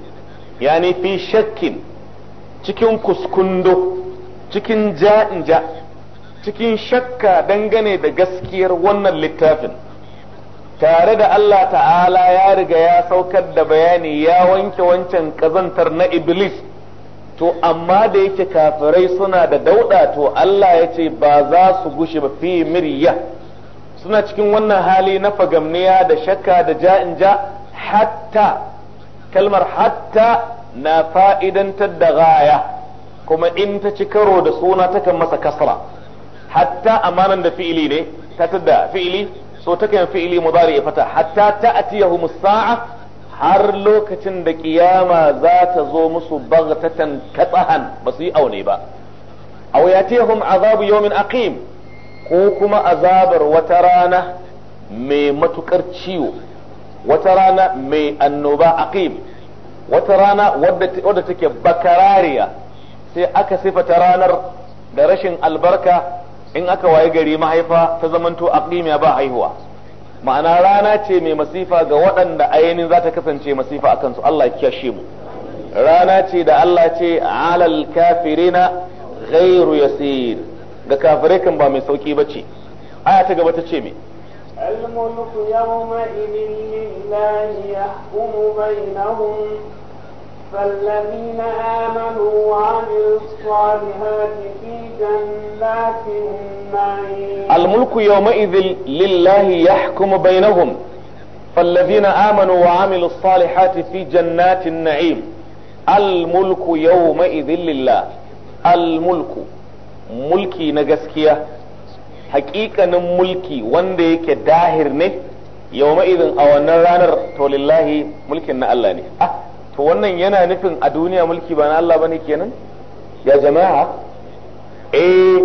yani fi shakkin cikin kuskundo cikin ja'inja cikin shakka dangane da gaskiyar wannan littafin tare da Allah ta'ala ya riga ya saukar da bayani ya wanke wancan kazantar na iblis to amma da yake kafirai suna da dauda to Allah ya ce ba za su gushi ba fi mirya suna cikin wannan hali na fagamniya da shakka da ja'inja hatta kalmar hatta na fa'idantar da gaya kuma in ta ci karo da suna takan masa kasra hatta amanan da fi'ili ne ta tadda fi'ili so takan fi'ili mudari ya fata hatta ta'tiyahu sa'a har lokacin da kiyama za ta zo musu baghtatan katsahan ba su yi aune ba aw yatihum azabu yawmin aqim ko kuma azabar wata rana mai matukar ciwo wata rana mai annoba aqim wata rana wadda take bakarariya sai aka sifata ranar da rashin albarka in aka waye gari mahaifa ta zamanto aqimiya ba haihuwa ma'ana rana ce mai masifa ga waɗanda ainihin za ta kasance masifa a kansu Allah ya kiyashe mu rana ce da Allah ce alal kafirina ghairu yasir ga kafirai kan ba mai sauki bace aya ta gaba ta ce me الملك يومئذ لله فالذين آمنوا وعملوا الصالحات في جنات النعيم الملك يومئذ لله يحكم بينهم فالذين آمنوا وعملوا الصالحات في جنات النعيم الملك يومئذ لله الملك ملكي نجسكية حقيقة ملكي وندي كداهر نه يومئذ أو النرانر تو لله ملك الله نه أه to wannan yana nufin a duniya mulki ba na Allah bane kenan ya jama'a eh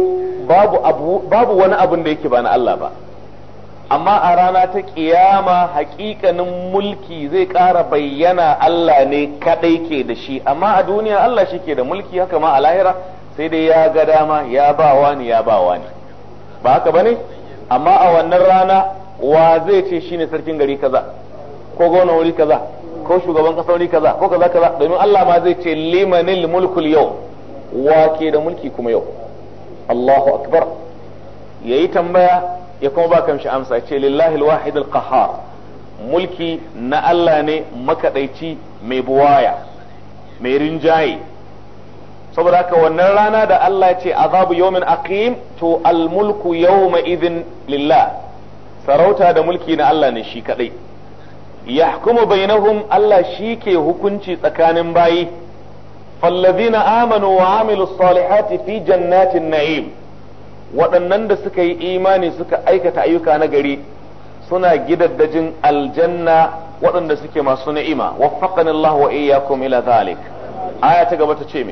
babu abu babu wani abun da yake ba na Allah ba amma a rana ta kiyama hakikanin mulki zai ƙara bayyana Allah ne kadai ke da shi amma a duniya Allah shi ke da mulki haka ma a lahira sai dai ya ga dama ya ba wani ya ba wani ba haka bane amma a wannan rana wa zai ce shine sarkin gari kaza ko gona wuri kaza ko shugaban kasa wani kaza ko kaza kaza domin Allah ma zai ce limanil mulkul yau wake da mulki kuma yau Allahu akbar yayi tambaya ya kuma ba kamshi amsa ce lillahi alwahid alqahar mulki na Allah ne makadaici mai buwaya mai rinjaye saboda haka wannan rana da Allah ya ce azabu yawmin aqim to almulku yawma idhin lillah sarauta da mulki na Allah ne shi kadai yahkumu bainahum Allah shi ke hukunci tsakanin bayi fallazina amanu wa amilu salihati fi jannatin na'im waɗannan da suka yi imani suka aikata ayyuka na gari suna gidaddajin aljanna waɗanda suke masu ni'ima waffaqani wa iyyakum ila aya ta gaba ta ce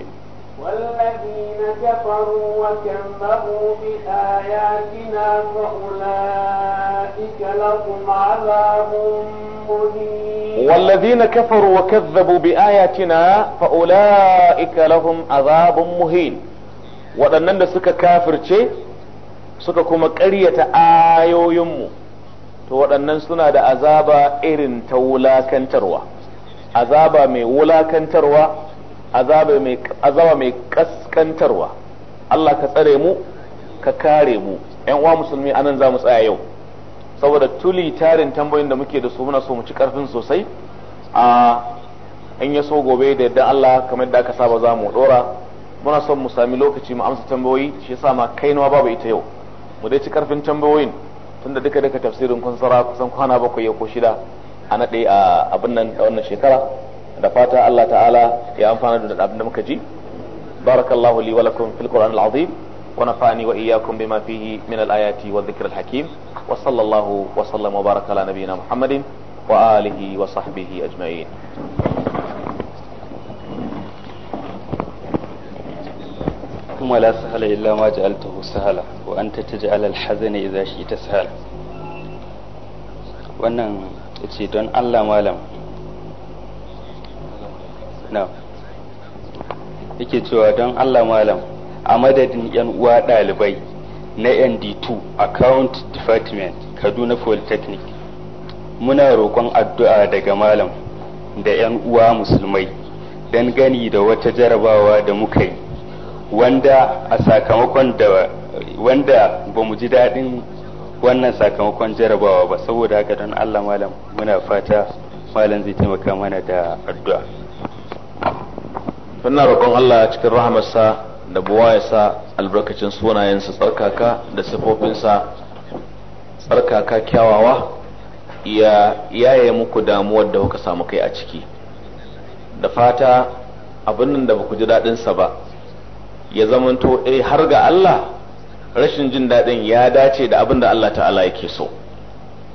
والذين كفروا وكذبوا بآياتنا فأولئك لهم عذاب مهين والذين كفروا وكذبوا بآياتنا فأولئك لهم عذاب مهين وأننا سكا كافر شيء suka kuma ƙaryata ayoyinmu to waɗannan suna da azaba irin ta wulakantarwa azaba mai wulakantarwa azaba mai kaskantarwa Allah ka tsare mu ka kare mu yan uwa musulmi anan za mu tsaya yau saboda tuli tarin tambayoyin da muke da su muna so mu ci karfin sosai a in ya so gobe da yadda Allah kamar da aka saba za mu dora muna son mu sami lokaci mu amsa tambayoyi shi yasa ma kai nawa babu ita yau mu dai ci karfin tambayoyin tunda duka duka tafsirin kun sara kusan kwana bakwai ko shida a naɗe a abin nan a wannan shekara da fata Allah ta'ala ya amfana da abin da muka ji barakallahu li wa lakum fil qur'an al-azim wa nafa'ani wa iyyakum bima fihi min al-ayati wa dhikr al-hakim wa sallallahu wa sallama wa baraka ala nabiyyina Muhammadin wa alihi wa sahbihi ajma'in ولا سهل إلا ما جعلته سهلا وأنت تجعل الحزن إذا شئت سهلا wannan ce don Allah malam yake cewa don Allah malam a madadin yan uwa ɗalibai na ND2 account department Kaduna Polytechnic muna roƙon addu'a daga malam da yan uwa musulmai don gani da wata jarabawa da muka yi wanda a sakamakon da wanda ba mu ji daɗin wannan sakamakon jarabawa ba saboda haka don Allah malam muna fata malam zai taimaka mana da addu'a Fanna roƙon Allah ya cikin rahamarsa da sa albarkacin sunayensa tsarkaka da sifofinsa tsarkaka kyawawa ya yaye muku damuwar da kuka samu kai a ciki da fata abin da ba ku ji daɗinsa ba ya zamanto eh har ga Allah rashin jin daɗin ya dace da abin da Allah ta'ala yake so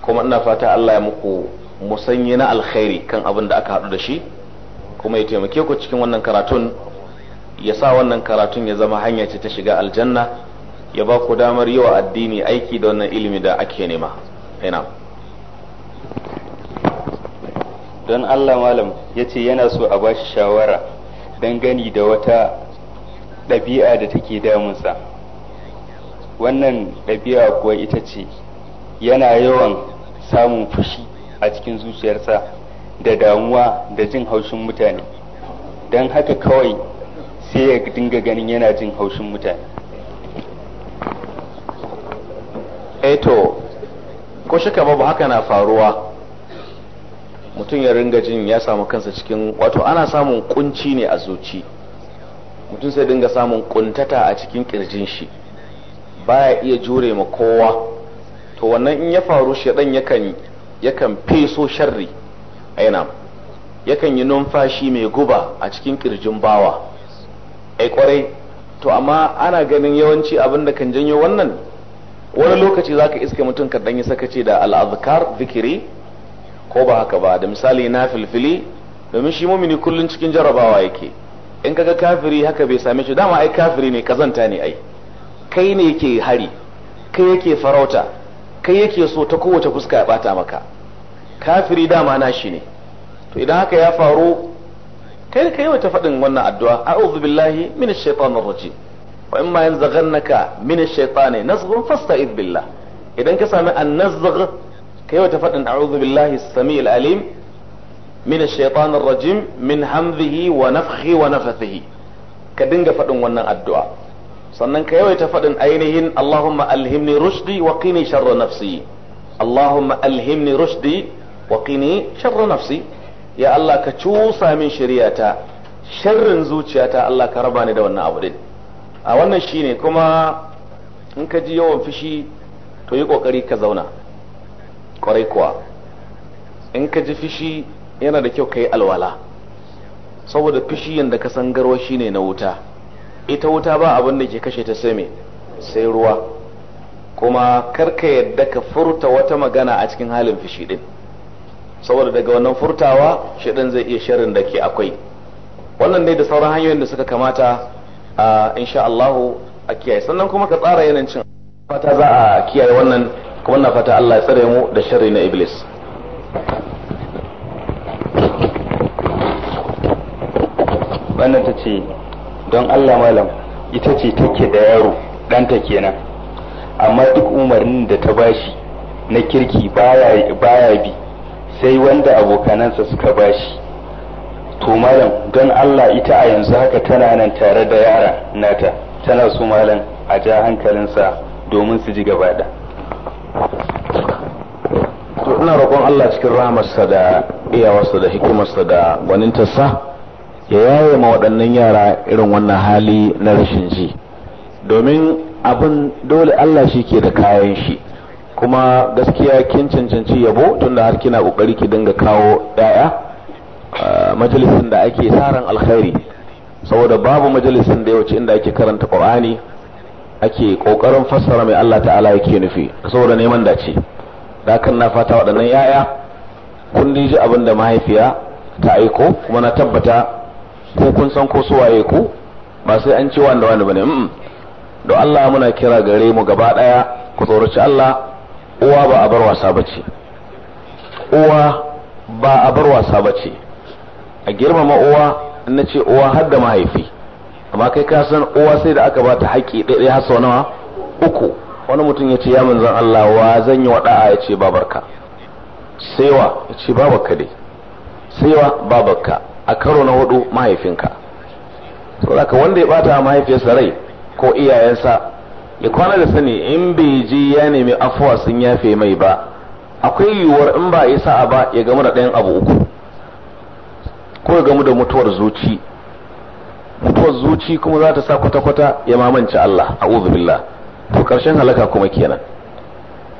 kuma ina fata Allah ya muku musanyi na alkhairi kan abin da aka haɗu da shi kuma ya taimake ku cikin wannan karatun ya sa wannan karatun ya zama hanya ce ta shiga aljanna ya ba ku damar yi wa addini aiki da wannan ilimi da ake nema ina don allah malam ya ce yana so a bashi shawara gani da wata ɗabi'a da take damunsa wannan ɗabi'a kuwa ita ce yana yawan samun fushi a cikin zuciyarsa da damuwa da jin haushin mutane don haka kawai sai ya dinga ganin yana jin haushin mutane eto eh ko shaka babu haka na faruwa mutum ya ringa jin ya samu kansa cikin wato ana samun kunci ne a zuci mutum sai dinga samun kuntata a cikin kirjin shi baya iya jure ma kowa to wannan in ya faru shi yakan yakan feso sharri aina yakan yi numfashi mai guba a cikin kirjin bawa ai kwarai to amma ana ganin yawanci abin da kan janyo wannan wani lokaci zaka iske mutum ka danyi saka sakace da al'azkar zikiri ko ba haka ba da misali na filfili domin shi mumini kullun cikin jarabawa yake in kaga kafiri haka bai same shi dama ai kafiri ne kazanta ne ai kai ne yake hari kai yake farauta kai yake so ta kowace fuska ya bata maka kafiri ma na shi ne to idan haka ya faru kai ka yawaita faɗin wannan addu'a a'udhu billahi min shaitanir rajim wa ma yanzaghannaka min ash-shaytani nazghun fasta'id billah idan ka sami an-nazgh ka yawaita faɗin a'udhu billahi as-sami'il alim min ash-shaytanir rajim min hamzihi wa nafthihi wa nafthihi ka dinga faɗin wannan addu'a sannan ka yawaita faɗin ainihin Allahumma alhimni rushdi wa qini sharra nafsi Allahumma alhimni rushdi wa sharrin nafsi ya Allah ka cusa min ta, sharrin zuciyata Allah ka raba ni da wannan abu din a wannan ne kuma in ka ji yawan fishi to yi ƙoƙari ka zauna Ƙwarai kuwa in ka ji fishi yana da kyau ka yi alwala saboda fishi yadda ka san garwa shine na wuta ita wuta ba abin da ke kashe ta sai sai ruwa kuma karka yadda ka furta wata magana a cikin halin fishi din saboda daga wannan furtawa shi shedan zai iya sharrin da ke akwai wannan dai da sauran hanyoyin da suka kamata a insha Allah a kiyaye sannan kuma ka tsara yanayin cin fata za a kiyaye wannan kuma na fata Allah ya tsare mu da sharri na iblis wannan ta ce don Allah malam ita ce take da yaro ɗanta kenan amma duk umarnin da ta bashi na kirki baya bi sai wanda abokanansa suka bashi to malam don Allah ita a yanzu haka tana nan tare da yara nata tana su malam a ja hankalinsa domin su ji gaba da to ina roƙon Allah cikin rahamarsa da iyawarsa da hikimarsa da gwanintarsa ya yaye ma waɗannan yara irin wannan hali na rashin ji domin abin dole Allah shi ke da kayan shi kuma gaskiya kin cancanci yabo tunda har kina kokari ki dinga kawo yaya majalisin da ake saran alkhairi saboda babu majalisin da yawace inda ake karanta qur'ani ake kokarin fassara mai Allah ta'ala yake nufi saboda neman dace da kan na fata waɗannan yaya kun ji abin da mahaifiya ta aiko kuma na tabbata ko kun san ko su waye ku ba sai an ce wanda wani bane don Allah muna kira gare mu gaba daya ku tsoraci Allah uwa ba a bar wasa ba ce uwa ba a bar wasa ba ce a girmama uwa na ce uwa har da mahaifi amma kai ka san uwa sai da aka bata haƙƙi ɗaiɗai har sau nawa uku wani mutum ya ce ya manzan Allah wa zan yi wada'a ya ce babarka saiwa ya ce babarka dai saiwa babarka a karo na hudu mahaifinka ka wanda ya bata mahaifiyarsa rai ko iyayensa ya kwana da sani in bai je ya nemi afuwa sun yafe mai ba akwai yiwuwar in ba ya sa'a ba ya gamu da ɗayan abu uku ko ya gamu da mutuwar zuci mutuwar zuci kuma za ta sa kwata-kwata ya mamanci Allah a uzubillah to ƙarshen halaka kuma kenan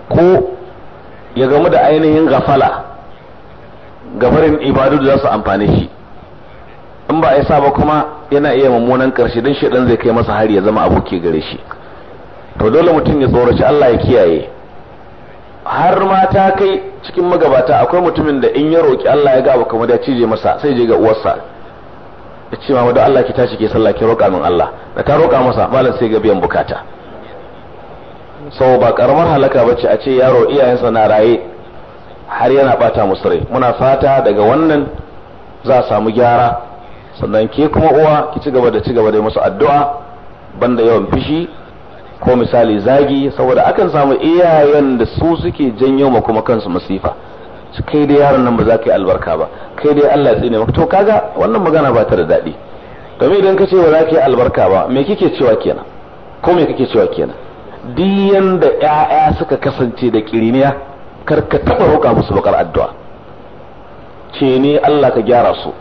ko ya gamu da ainihin gafala gabarin ibadu da za su amfani shi in ba ya sa ba kuma yana iya mummunan karshe don shaidan zai kai masa hari ya zama aboki gare shi to dole mutum ya tsoraci Allah ya kiyaye har ma ta kai cikin magabata akwai mutumin da in ya roki Allah ya ga abu kamar da cije masa sai je ga uwarsa ya ce ma da Allah ki tashi ke sallah ki roƙa min Allah da ta roƙa masa malam sai ga biyan bukata sau ba karamar halaka bace a ce yaro iyayensa na raye har yana bata musu rai muna fata daga wannan za a samu gyara sannan ke kuma uwa ki ci gaba da ci gaba da masu addu'a banda yawan fishi ko misali zagi saboda akan samu iyayen da su suke janyo ma kuma kansu masifa kai dai yaron nan ba za ka yi albarka ba kai dai Allah tsine maka to kaga wannan magana ba ta da daɗi domin idan ka ce ba za ka yi albarka ba me kike cewa kenan ko me kake cewa kenan duk yanda ƴaƴa suka kasance da kiriniya kar ka taɓa roƙa musu bakar addu'a ce ne Allah ka gyara su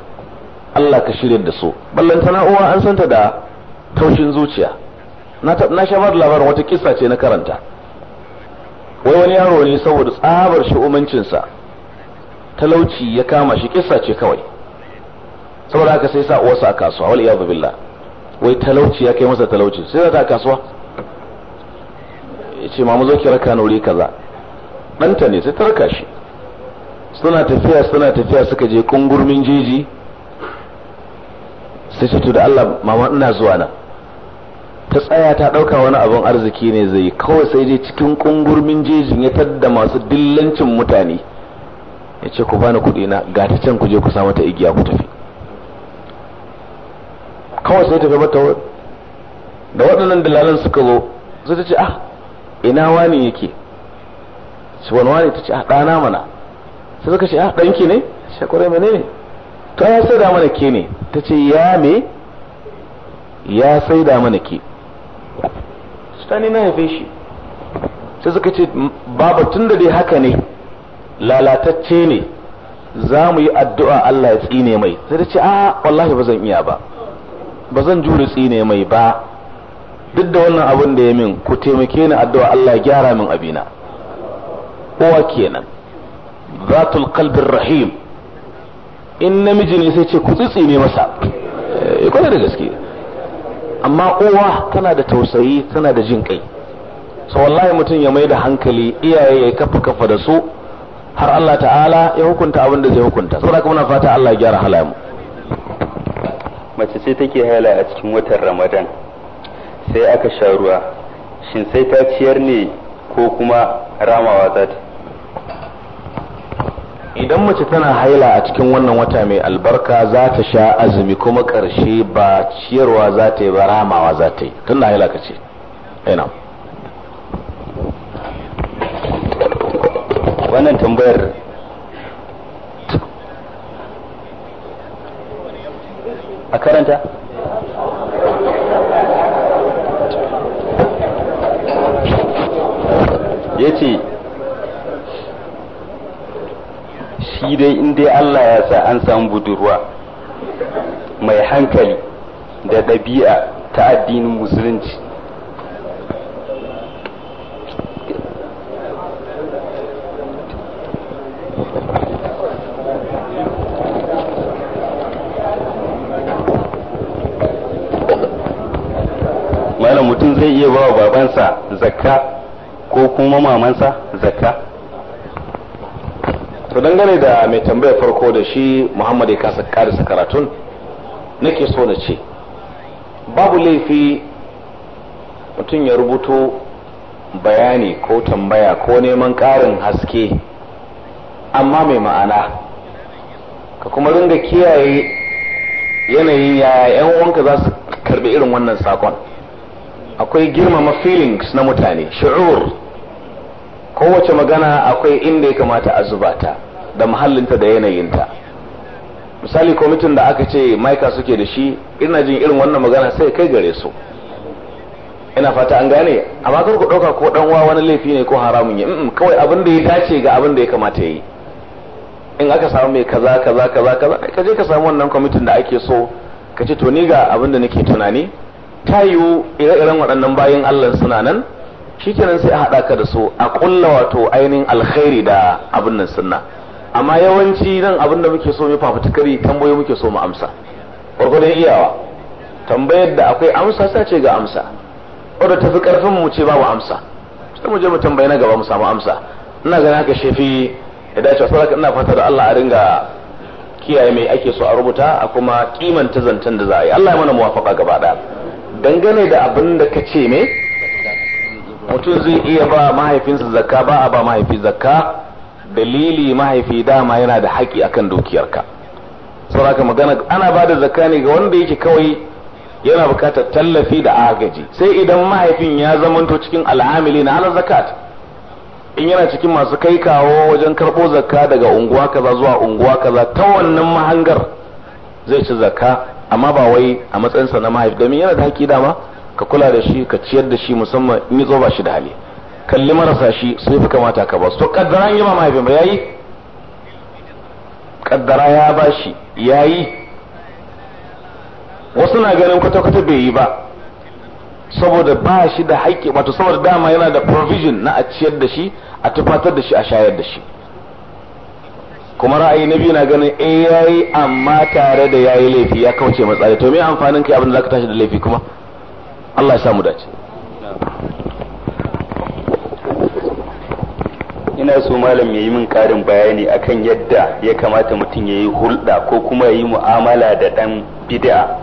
Allah ka shirya da su ballantana uwa an santa da taushin zuciya na sha labarin wata kisa ce na karanta wai wani yaro ne saboda tsabar shi'umancinsa talauci ya kama shi kisa ce kawai saboda haka sai sa uwarsa a kasuwa wal iyadu billah wai talauci ya kai masa talauci sai za ta kasuwa yace mamu zo ki raka wuri kaza danta ne sai ta raka shi suna tafiya suna tafiya suka je kungurmin jeji sai ce to da Allah mama ina zuwa nan ta tsaya ta ɗauka wani abin arziki ne zai yi kawai sai dai cikin ƙungurmin jejin ya tadda masu dillancin mutane ya ce ku bani kuɗi na ga ta can ku je ku samu ta igiya ku tafi kawai sai tafi mata da waɗannan dalalan suka zo sai ta ce ah ina wani yake shi wani wani ta ce ah ɗana mana sai suka ce ah ɗanki ne shi kwarai mene ne to ya sai da mana ke ne ta ce ya me ya sai da mana ke sani na haife shi sai suka ce baba tun da dai haka ne lalatacce ne za mu yi addu'a Allah ya tsine mai sai ta ce a wallahi ba zan iya ba ba zan jure tsine mai ba duk da wannan abin da ya min ku taimake ni addu'a Allah ya gyara min abina uwa kenan zatul qalbir rahim in namiji ne sai ce ku tsitsine masa eh, kwanar da gaske amma uwa tana da tausayi tana da jin kai so wallahi mutum ya mai da hankali iyaye ya kafa kafa da su har Allah ta'ala ya hukunta abin da zai hukunta saboda kuma muna fata Allah ya gyara halayenmu mace ce take hala a cikin watan Ramadan sai aka sha ruwa shin sai ta ciyar ne ko kuma ramawa za ta idan mace tana haila a cikin wannan wata mai albarka za ta sha azumi kuma ƙarshe ba ciyarwa za ta yi ba ramawa za ta yi tun haila ka ce aina wannan tambayar a karanta ya ce shi dai in dai Allah ya sa an samu budurwa mai hankali da ɗabi'a ta addinin musulunci mutum zai iya ba wa babansa zakka ko kuma mamansa zakka to dangane da mai tambayar farko da shi muhammad ya kasa karisa karatun nake so na ce babu laifi mutum ya rubuto bayani ko tambaya ko neman ƙarin haske amma mai ma'ana ka kuma ringa kiyaye yanayi ya 'yan uwanka za su karbi irin wannan sakon akwai girmama feelings na mutane shi'ur kowace magana akwai inda ya kamata a zuba ta da muhallinta da yanayinta misali kwamitin da aka ce maika suke da shi ina jin irin wannan magana sai kai gare su ina fata an gane amma kar ku ɗauka ko ɗan wa wani laifi ne ko haramun yi kawai abin da ya dace ga abin da ya kamata yi in aka samu mai kaza kaza kaza kaza ka je ka samu wannan kwamitin da ake so ka ce to ni ga abin da nake tunani ta yiwu ire-iren waɗannan bayan allah suna nan Shi kenan sai a haɗa ka da su a ƙulla wato ainihin alkhairi da abin nan sunna amma yawanci nan abin da muke so mu fafutukari tambayoyi muke so mu amsa gwargwadon iyawa tambayar da akwai amsa sai ce ga amsa wanda ta fi karfin mu ce babu amsa sai mu je mu tambayi na gaba mu samu amsa ina ganin haka shefi ya dace wasu ina fata da Allah a ringa kiyaye mai ake so a rubuta a kuma kimanta zancen da za a yi Allah ya mana muwafaka gaba ɗaya dangane da abin da ka ce me mutum zai iya ba mahaifinsa zakka ba a ba mahaifi zakka dalili mahaifi dama yana da haƙi akan dukiyarka sauraka magana ana ba da zakka ne ga wanda yake kawai yana bukatar tallafi da agaji sai idan mahaifin ya zamanto cikin al'amili na ala zakat in yana cikin masu kai kawo wajen karɓo zakka daga unguwa kaza zuwa unguwa kaza ta wannan mahangar zai ci zakka amma ba wai a matsayinsa na mahaifi domin yana da haƙi dama ka kula da shi ka ciyar da shi musamman in zo ba shi da hali kalli marasa shi sai fi kamata ka ba su to kaddara yi ma mahaifin ba yayi kaddara ya ba shi yayi wasu na ganin kwata-kwata bai yi ba saboda ba shi da haƙƙi wato saboda dama yana da provision na a ciyar da shi a tufatar da shi a shayar da shi kuma ra'ayi na biyu na ganin eh yayi amma tare da yayi laifi ya kauce matsala to me amfanin kai abin da zaka tashi da laifi kuma Allah ya samu dace ina so malam ya yi min karin bayani akan yadda ya kamata mutum ya yi hulɗa ko kuma ya yi mu'amala da ɗan bid'a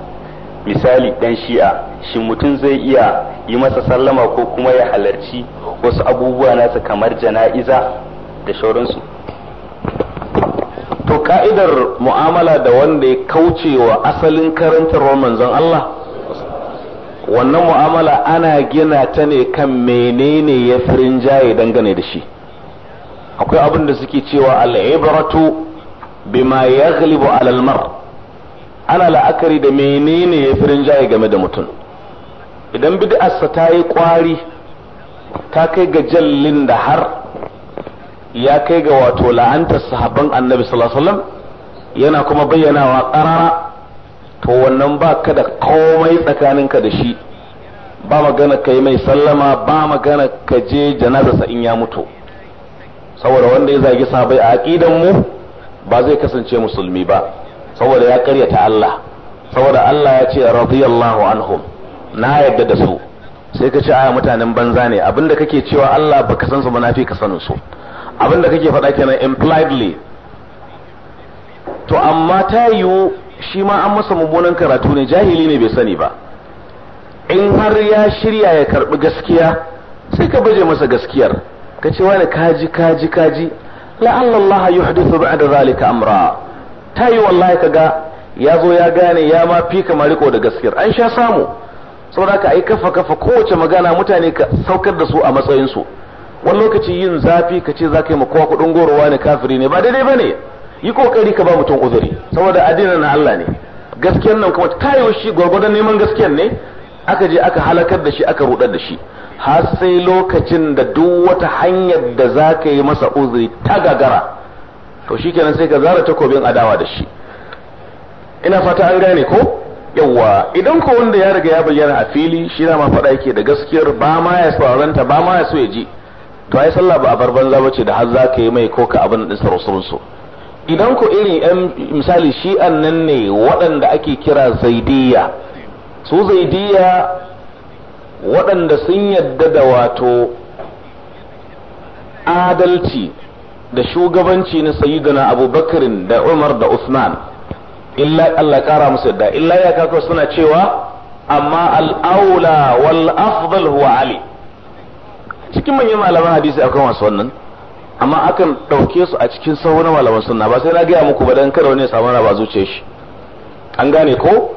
misali ɗan shi'a shi mutum zai iya yi masa sallama ko kuma ya halarci wasu abubuwa nasa kamar jana'iza da shauransu to ka'idar mu'amala da wanda ya kauce wa asalin karantarwar manzon Allah wannan mu'amala ana gina ta ne kan menene ya firin jaye dangane da shi akwai abin da suke cewa al'ibratu bima ya ghalibu alalmar ana la'akari da menene ya firin jaye game da mutum idan bid'arsa ta yi kwari ta kai ga jallin da har ya kai ga wato la'antar sahabban annabi sallallahu alaihi wasallam yana kuma bayyana wa ƙarara to wannan ba ka da komai tsakaninka da shi ba magana ka yi mai sallama ba magana ka je janazarsa in ya mutu saboda wanda ya zagi sabai a aƙidan mu ba zai kasance musulmi ba saboda ya karyata Allah saboda Allah ya ce radiyallahu anhum na yadda da su sai ka ce a mutanen banza ne abinda kake cewa Allah baka san su ba nafi ka sanin su abinda kake faɗa kenan impliedly to amma ta yiwu shi ma an masa mummunan karatu ne jahili ne bai sani ba in har ya shirya ya karbi gaskiya sai ka baje masa gaskiyar ka ce wani kaji kaji kaji la'alla Allah yuhdithu ba'da zalika amra tayi wallahi kaga ya zo ya gane ya ma fi ka riko da gaskiyar an sha samu saboda ka ai kafa kafa kowace magana mutane ka saukar da su a matsayin su wani lokaci yin zafi ka ce za ka yi makowa kudin gorowa ne kafiri ne ba daidai ba ne yi kokari ka ba mutum uzuri saboda addinin na Allah ne gaskiyar nan kuma tayo shi gwargwadon neman gaskiyar ne aka je aka halakar da shi aka rudar da shi har sai lokacin da duk wata hanyar da za ka yi masa uzuri ta gagara to shi kenan sai ka zara takobin adawa da shi ina fata an gane ko yawwa idan ko wanda ya riga ya bayyana a fili shi na ma faɗa yake da gaskiyar ba ma ya sauranta, ba ma ya so ya ji to ai sallah ba a bar banza bace da har za ka yi mai ko ka abin din sa idan ko irin yan misali shi'an nan ne waɗanda ake kira zaidiya su zaidiya waɗanda sun yadda da wato adalci da shugabanci na gana abubakarin da umar da usman illa allah kara musu yadda illa ya suna cewa amma al'aula wal afdal huwa ali cikin manyan malaman hadisi akwai wasu wannan amma akan ɗauke su a cikin sauran malaman sunna ba sai na gaya muku ba dan kada wani ya samu ba zuciya shi an gane ko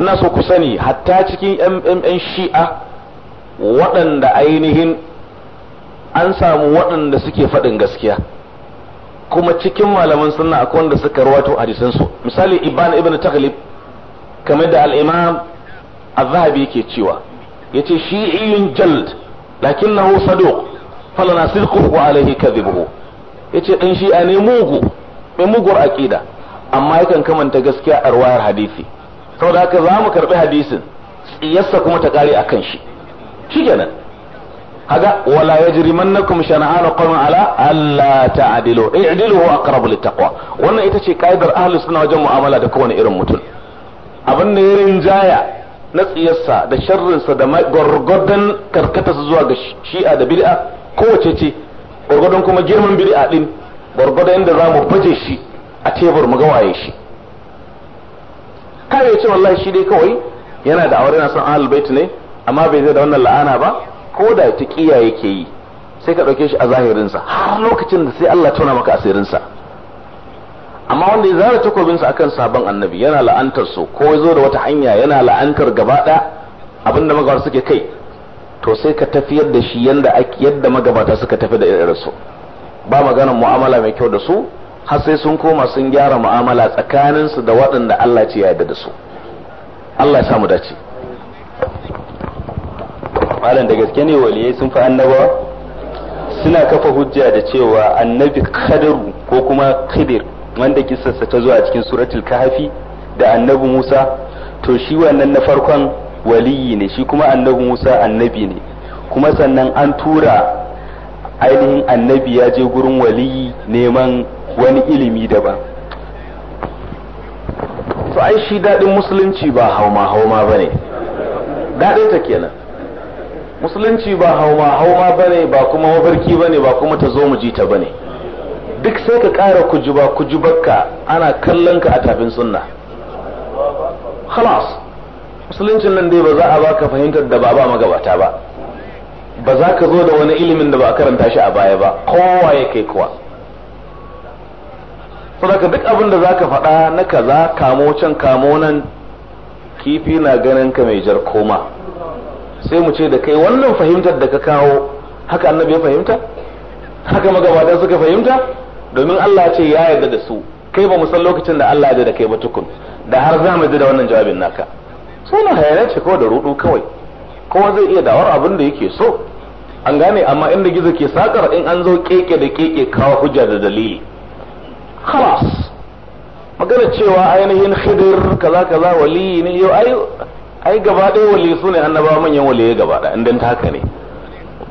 ina so ku sani hatta cikin yan shi'a waɗanda ainihin an samu waɗanda suke faɗin gaskiya kuma cikin malaman sunna akwai wanda suka rawato hadisan su misali ibn ibn taghlib kamar da al-imam az-zahabi yake cewa yace shi'iyyun jald lakinnahu saduq falana sirku wa alaihi kadhibuhu yace dan shi'a ne mugu mai mugur aqida amma yakan kamanta gaskiya a ruwayar hadisi saboda haka zamu karbi hadisin tsiyarsa kuma ta kare akan shi shikenan kaga wala yajrimannakum shana'an qawmin ala alla ta'dilu i'dilu huwa aqrabu littaqwa wannan ita ce kaidar ahlus sunna wajen mu'amala da kowane irin mutum abin da ya rinjaya na tsiyarsa da sharrinsa da gorgodan karkatarsa zuwa ga shi'a da bid'a kowace ce gwargwadon kuma girman a din gwargwadon yadda za mu baje shi a tebur mu gawaye shi kare ce wallahi shi dai kawai yana da aure na son ahlul bait ne amma bai zai da wannan la'ana ba ko da ta kiya yake yi sai ka ɗauke shi a zahirinsa har lokacin da sai Allah tona maka asirinsa amma wanda ya zara takobinsa akan sabon annabi yana la'antar su ko zo da wata hanya yana la'antar gaba ɗaya abinda magawar suke kai to sai ka tafiyar da shi ake yadda magabata suka tafi da irin su ba maganar mu'amala mai kyau da su har sai sun koma sun gyara mu'amala tsakanin da waɗanda Allah ce ya yarda da su Allah ya samu dace malam da gaske ne waliyai sun fi annaba suna kafa hujja da cewa annabi kadaru ko kuma khidir wanda kisarsa ta zo a cikin suratul kahfi da annabi Musa to shi wannan na farkon waliyi ne shi kuma annabi Musa annabi ne kuma sannan an tura ainihin annabi ya je gurin waliyi neman wani ilimi daban to ai shi daɗin musulunci ba hauma hauma ba ne daɗin ta kenan musulunci ba hauma hauma ba ne ba kuma mabarki ba ne ba kuma ta zo mu ji ta ba ne duk sai ka ƙara kujuba kujubarka ana kallon ka a tafin sunna khalas musuluncin nan dai ba za a baka fahimtar da ba ba magabata ba ba za ka zo da wani ilimin da ba a karanta shi a baya ba kowa ya kai kowa saboda duk abin da za ka faɗa na kaza kamo can kamo nan kifi na ganin ka mai jar koma sai mu ce da kai wannan fahimtar da ka kawo haka annabi ya fahimta haka magabata suka fahimta domin Allah ce ya yarda da su kai ba mu san lokacin da Allah ya da kai ba tukun da har za mu yarda da wannan jawabin naka sai na hayana ce kawai da rudu kawai kowa zai iya dawar abin da yake so an gane amma inda gizo ke sakar in an zo keke da keke kawo hujja da dalili halas magana cewa ainihin khidir kaza kaza wali ne yau ai ai gaba ɗaya wali su ne annabawa manyan wali gaba ɗaya indan ta haka ne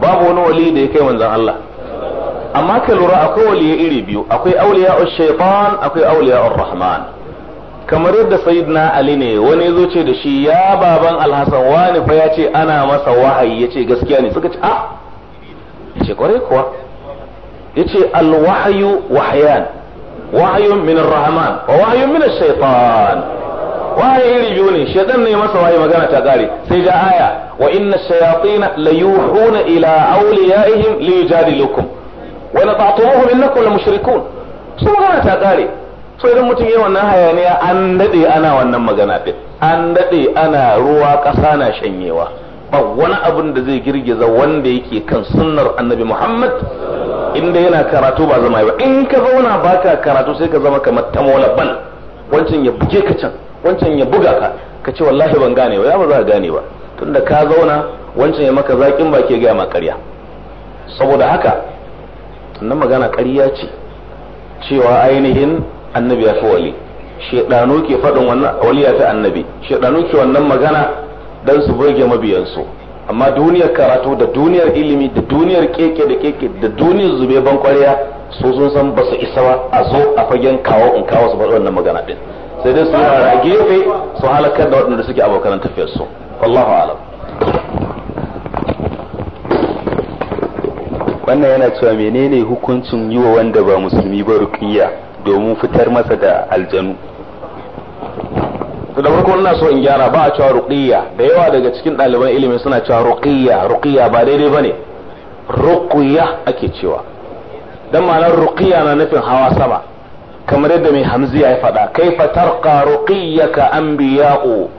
babu wani wali da ya kai manzan Allah amma ka lura akwai wali iri biyu akwai auliya shaytan akwai auliya rahman kamar yadda sayyidina ali ne wani ya zo ce da shi ya baban alhassan wani fa ya ce ana masa wahayi ya ce gaskiya ne suka ce a ah. ya ce kwarai kuwa ya ce alwahayu wahayan wahayun min rahman wa wahayun min shaitan wahayi iri biyu ne shaitan ne masa wahayi magana ta gare sai da aya wa inna shayatin la yuhuna ila awliyaihim li yujadilukum wa la ta'tumuhum innakum la mushrikun sai magana ta gare so idan mutum yi wannan hayaniya an daɗe ana wannan magana ɗin an daɗe ana ruwa ƙasa na shanyewa ba wani abin da zai girgiza wanda yake kan sunnar annabi muhammad inda yana karatu ba zama ba in ka zauna baka karatu sai ka zama kamar tamola ban wancan ya buge ka can wancan ya buga ka ka ce wallahi ban gane ba ya ba za ka gane ba tunda ka zauna wancan ya maka zakin ba ke gaya ma karya saboda haka na magana karya ce cewa ainihin annabi ya fi wali ke faɗin wannan waliya ta annabi shaidanu ke wannan magana dan su burge mabiyansu amma duniyar karatu da duniyar ilimi da duniyar keke da keke da duniyar zube ban kwarya su sun san ba su isa ba a zo a fagen kawo in kawo su faɗi wannan magana din sai dai su a gefe su halakar da waɗanda suke abokan tafiyar su wallahu alam wannan yana cewa menene hukuncin yiwa wa wanda ba musulmi ba rukiyya. domin fitar masa da aljanu da farko ina so in gyara ba a cewa ruqiyya da yawa daga cikin ɗaliban ilimi suna cewa ruqiyya ruqiyya ba daidai bane ruqiyya ake cewa dan ma'anar ruqiyya na nufin hawa sama kamar yadda mai hamzi ya faɗa kaifa tarqa ruqiyyaka anbiya'u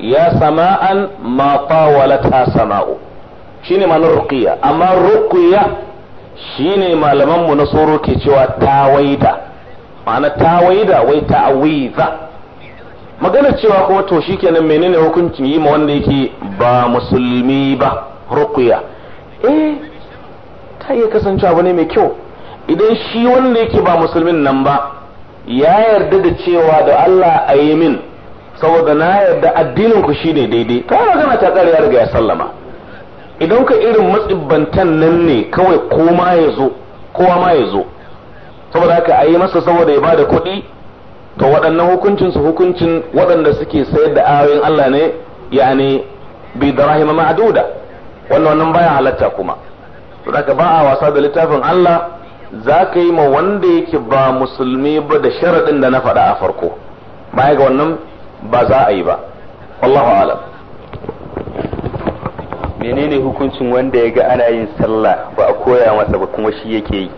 ya sama'an ma tawalata sama'u shine ma'anar ruqiyya amma ruqiyya shine malaman mu na soro ke cewa tawaida ma'ana tawaida wai ta ta'awiza magana cewa kuma to shikenan menene hukuncin yi ma wanda yake ba musulmi ba ruqya eh ta iya kasancewa abu ne mai kyau idan shi wanda yake ba musulmin nan ba ya yarda da cewa da Allah a min saboda na yarda addinin ku shine daidai ta magana ta tsare ya riga ya sallama idan ka irin matsibbantan nan ne kawai koma ya zo kowa ma ya zo saboda haka a yi masa saboda ya bada kuɗi to waɗannan hukuncin su hukuncin waɗanda suke sayar da ayoyin Allah ne yani bi darahima ma'duda wannan wannan baya halatta kuma to haka ba a wasa da littafin Allah za ka yi ma wanda yake ba musulmi ba da sharaɗin da na faɗa a farko baya ga wannan ba za a yi ba wallahu alam menene hukuncin wanda ya ga ana yin sallah ba a koya masa ba kuma shi yake yi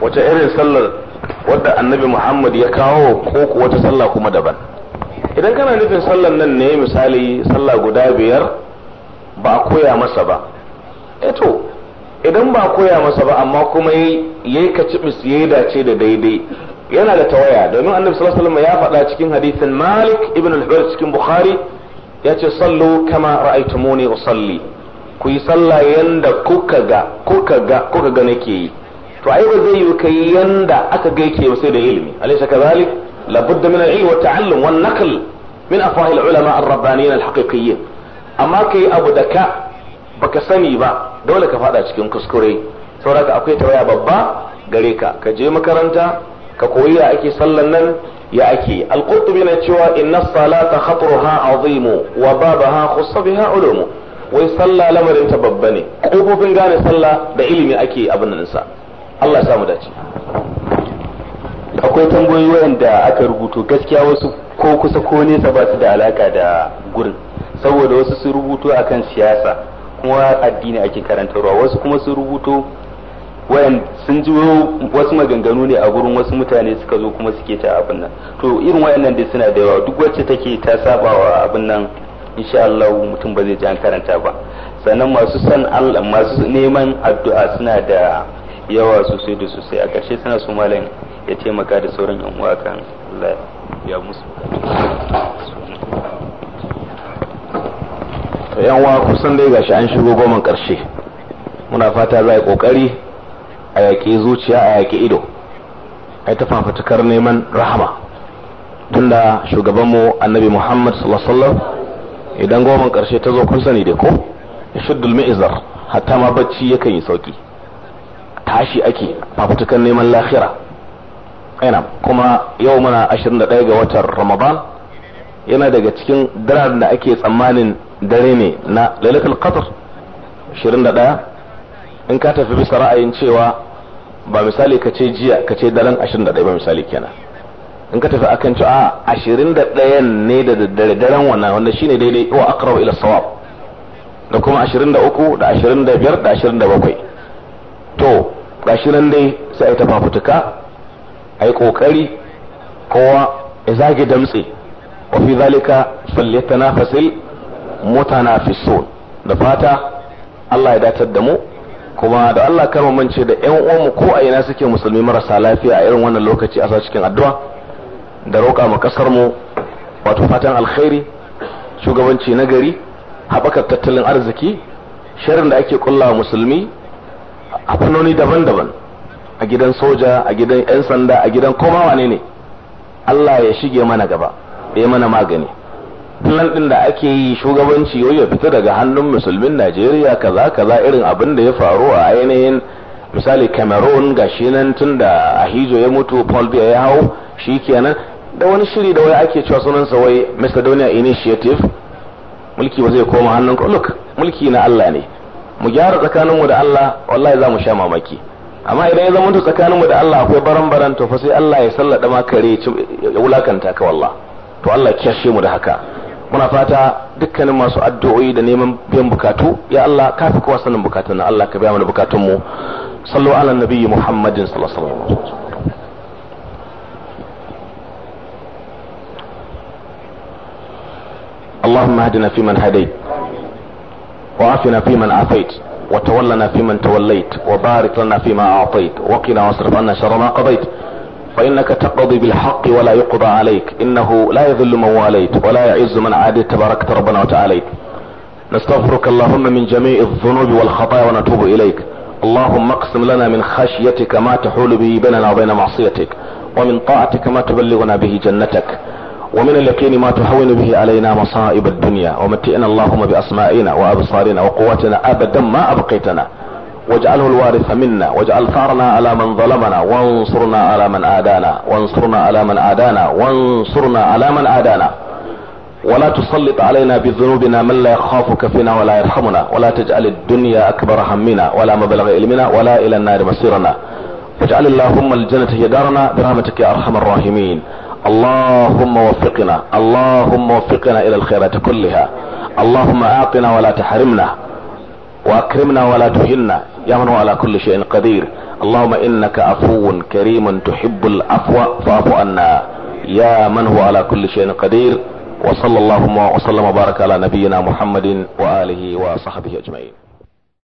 wace irin sallar wadda annabi muhammad ya kawo ko wata sallah kuma daban idan kana nufin sallar nan ne misali sallah guda biyar ba a koya masa ba eto eh idan ba a koya masa ba amma kuma ya yayi kacibis yi dace da daidai yana da tawaya domin annabi sallallahu alaihi ya faɗa cikin hadithin malik ibn al-hubayr cikin bukhari ya ce sallu kama ra'aytumuni usalli ku yi sallah yanda kuka ga kuka ga kuka ga nake yi to ai ba zai yi kai yanda aka ga yake sai da ilimi alaysa kadhalik labudda min al-ilm wa ta'allum wa naql min afwah al-ulama ar-rabbaniyyin al-haqiqiyyin amma kai abu da ka baka sani ba dole ka fada cikin kuskure saboda akwai tawaya babba gare ka ka je makaranta ka koyi ya ake sallan nan ya ake al-qurtubi na cewa inna salata khatruha azimu wa babaha khussa biha ulumu wai sallah lamarin ta babba ne kofofin gane sallah da ilimi ake abin nan sa Allah samu dace akwai tambayoyi wayanda aka rubuto gaskiya wasu ko kusa ko nesa ba su da alaka da gurin saboda wasu sun rubuto akan siyasa kuma addini ake karantarwa wasu kuma sun rubuto wayan sun ji wasu maganganu ne a gurin wasu mutane suka zo kuma suke ta abin nan to irin wayannan dai suna da yawa duk wacce take ta saba wa abin nan insha Allah mutum ba zai ji an karanta ba sannan masu san Allah masu neman addu'a suna da yawa sosai da sosai a ƙarshe tana su malam ya taimaka da sauran yan uwa kan Allah ya musu to yan uwa kusan dai gashi an shigo goman ƙarshe muna fata za a yi ƙoƙari a yaƙi zuciya a yaƙi ido ai ta fafatukar neman rahama tunda shugabanmu annabi muhammad sallallahu idan goman ƙarshe ta zo kun sani da ko ya shuddul mi'izar hatta ma bacci yakan yi sauki tashi ake fafutukan neman lahira aina kuma yau muna 21 ga watan ramadan yana daga cikin dirar da ake tsammanin dare ne na lalatul qadr 21 in ka tafi bisa ra'ayin cewa ba misali ka ce jiya ka ce daren 21 ba misali kenan in ka tafi akan cewa 21 ne da daddare daren wannan wanda shine daidai wa aqrab ila sawab da kuma 23 da 25 da 27 to gashi nan dai sai a ta fafutuka a yi ƙoƙari kowa ya zage damtse wa fi zalika mota mutanafisun da fata Allah ya datar da mu kuma da Allah kar mu mance da ƴan uwanmu ko a ina suke musulmi marasa lafiya a irin wannan lokaci a sa cikin addu'a da roƙa ma kasar mu wato fatan alkhairi shugabanci na gari haɓakar tattalin arziki sharin da ake kulla musulmi a fannoni daban-daban a gidan soja a gidan 'yan sanda a gidan koma wane ne Allah ya shige mana gaba ya mana magani plan din da ake yi shugabanci yau ya fita daga hannun musulmin Najeriya kaza kaza irin abin da ya faru a ainihin misali Cameroon gashi nan tun da Ahijo ya mutu Paul Biya ya hau shi kenan da wani shiri da wai ake cewa sa wai Macedonia Initiative mulki ba zai koma hannun look mulki na Allah ne mu gyara tsakaninmu da Allah wallahi za mu sha mamaki amma idan ya zama tsakaninmu da Allah akwai baran-baran to fa sai Allah ya sallada ma kare ya wulakanta ka wallah to Allah ya kashe mu da haka muna fata dukkanin masu addu'o'i da neman biyan bukatu ya Allah ka fi kowa sanin bukatun na Allah ka biya mana bukatun mu sallu ala nabiyyi muhammadin sallallahu alaihi wasallam اللهم اهدنا فيمن هديت وعافنا فيمن عافيت وتولنا فيمن توليت وبارك لنا فيما اعطيت وقنا واصرف عنا شر ما قضيت فانك تقضي بالحق ولا يقضى عليك انه لا يذل من واليت ولا يعز من عاديت تباركت ربنا وتعاليت نستغفرك اللهم من جميع الذنوب والخطايا ونتوب اليك اللهم اقسم لنا من خشيتك ما تحول به بيننا وبين معصيتك ومن طاعتك ما تبلغنا به جنتك ومن اليقين ما تهون به علينا مصائب الدنيا ومتئنا اللهم بأسمائنا وأبصارنا وقوتنا أبدا ما أبقيتنا واجعله الوارث منا واجعل ثارنا على من ظلمنا وانصرنا على من عادانا وانصرنا على من عادانا وانصرنا على من عادانا ولا تسلط علينا بذنوبنا من لا يخافك فينا ولا يرحمنا ولا تجعل الدنيا أكبر همنا ولا مبلغ علمنا ولا إلى النار مصيرنا واجعل اللهم الجنة هي دارنا برحمتك يا أرحم الراحمين اللهم وفقنا اللهم وفقنا الى الخيرات كلها اللهم اعطنا ولا تحرمنا واكرمنا ولا تهنا يا من هو على كل شيء قدير اللهم انك عفو كريم تحب العفو فاعف عنا يا من هو على كل شيء قدير وصلى اللهم وسلم وبارك على نبينا محمد واله وصحبه اجمعين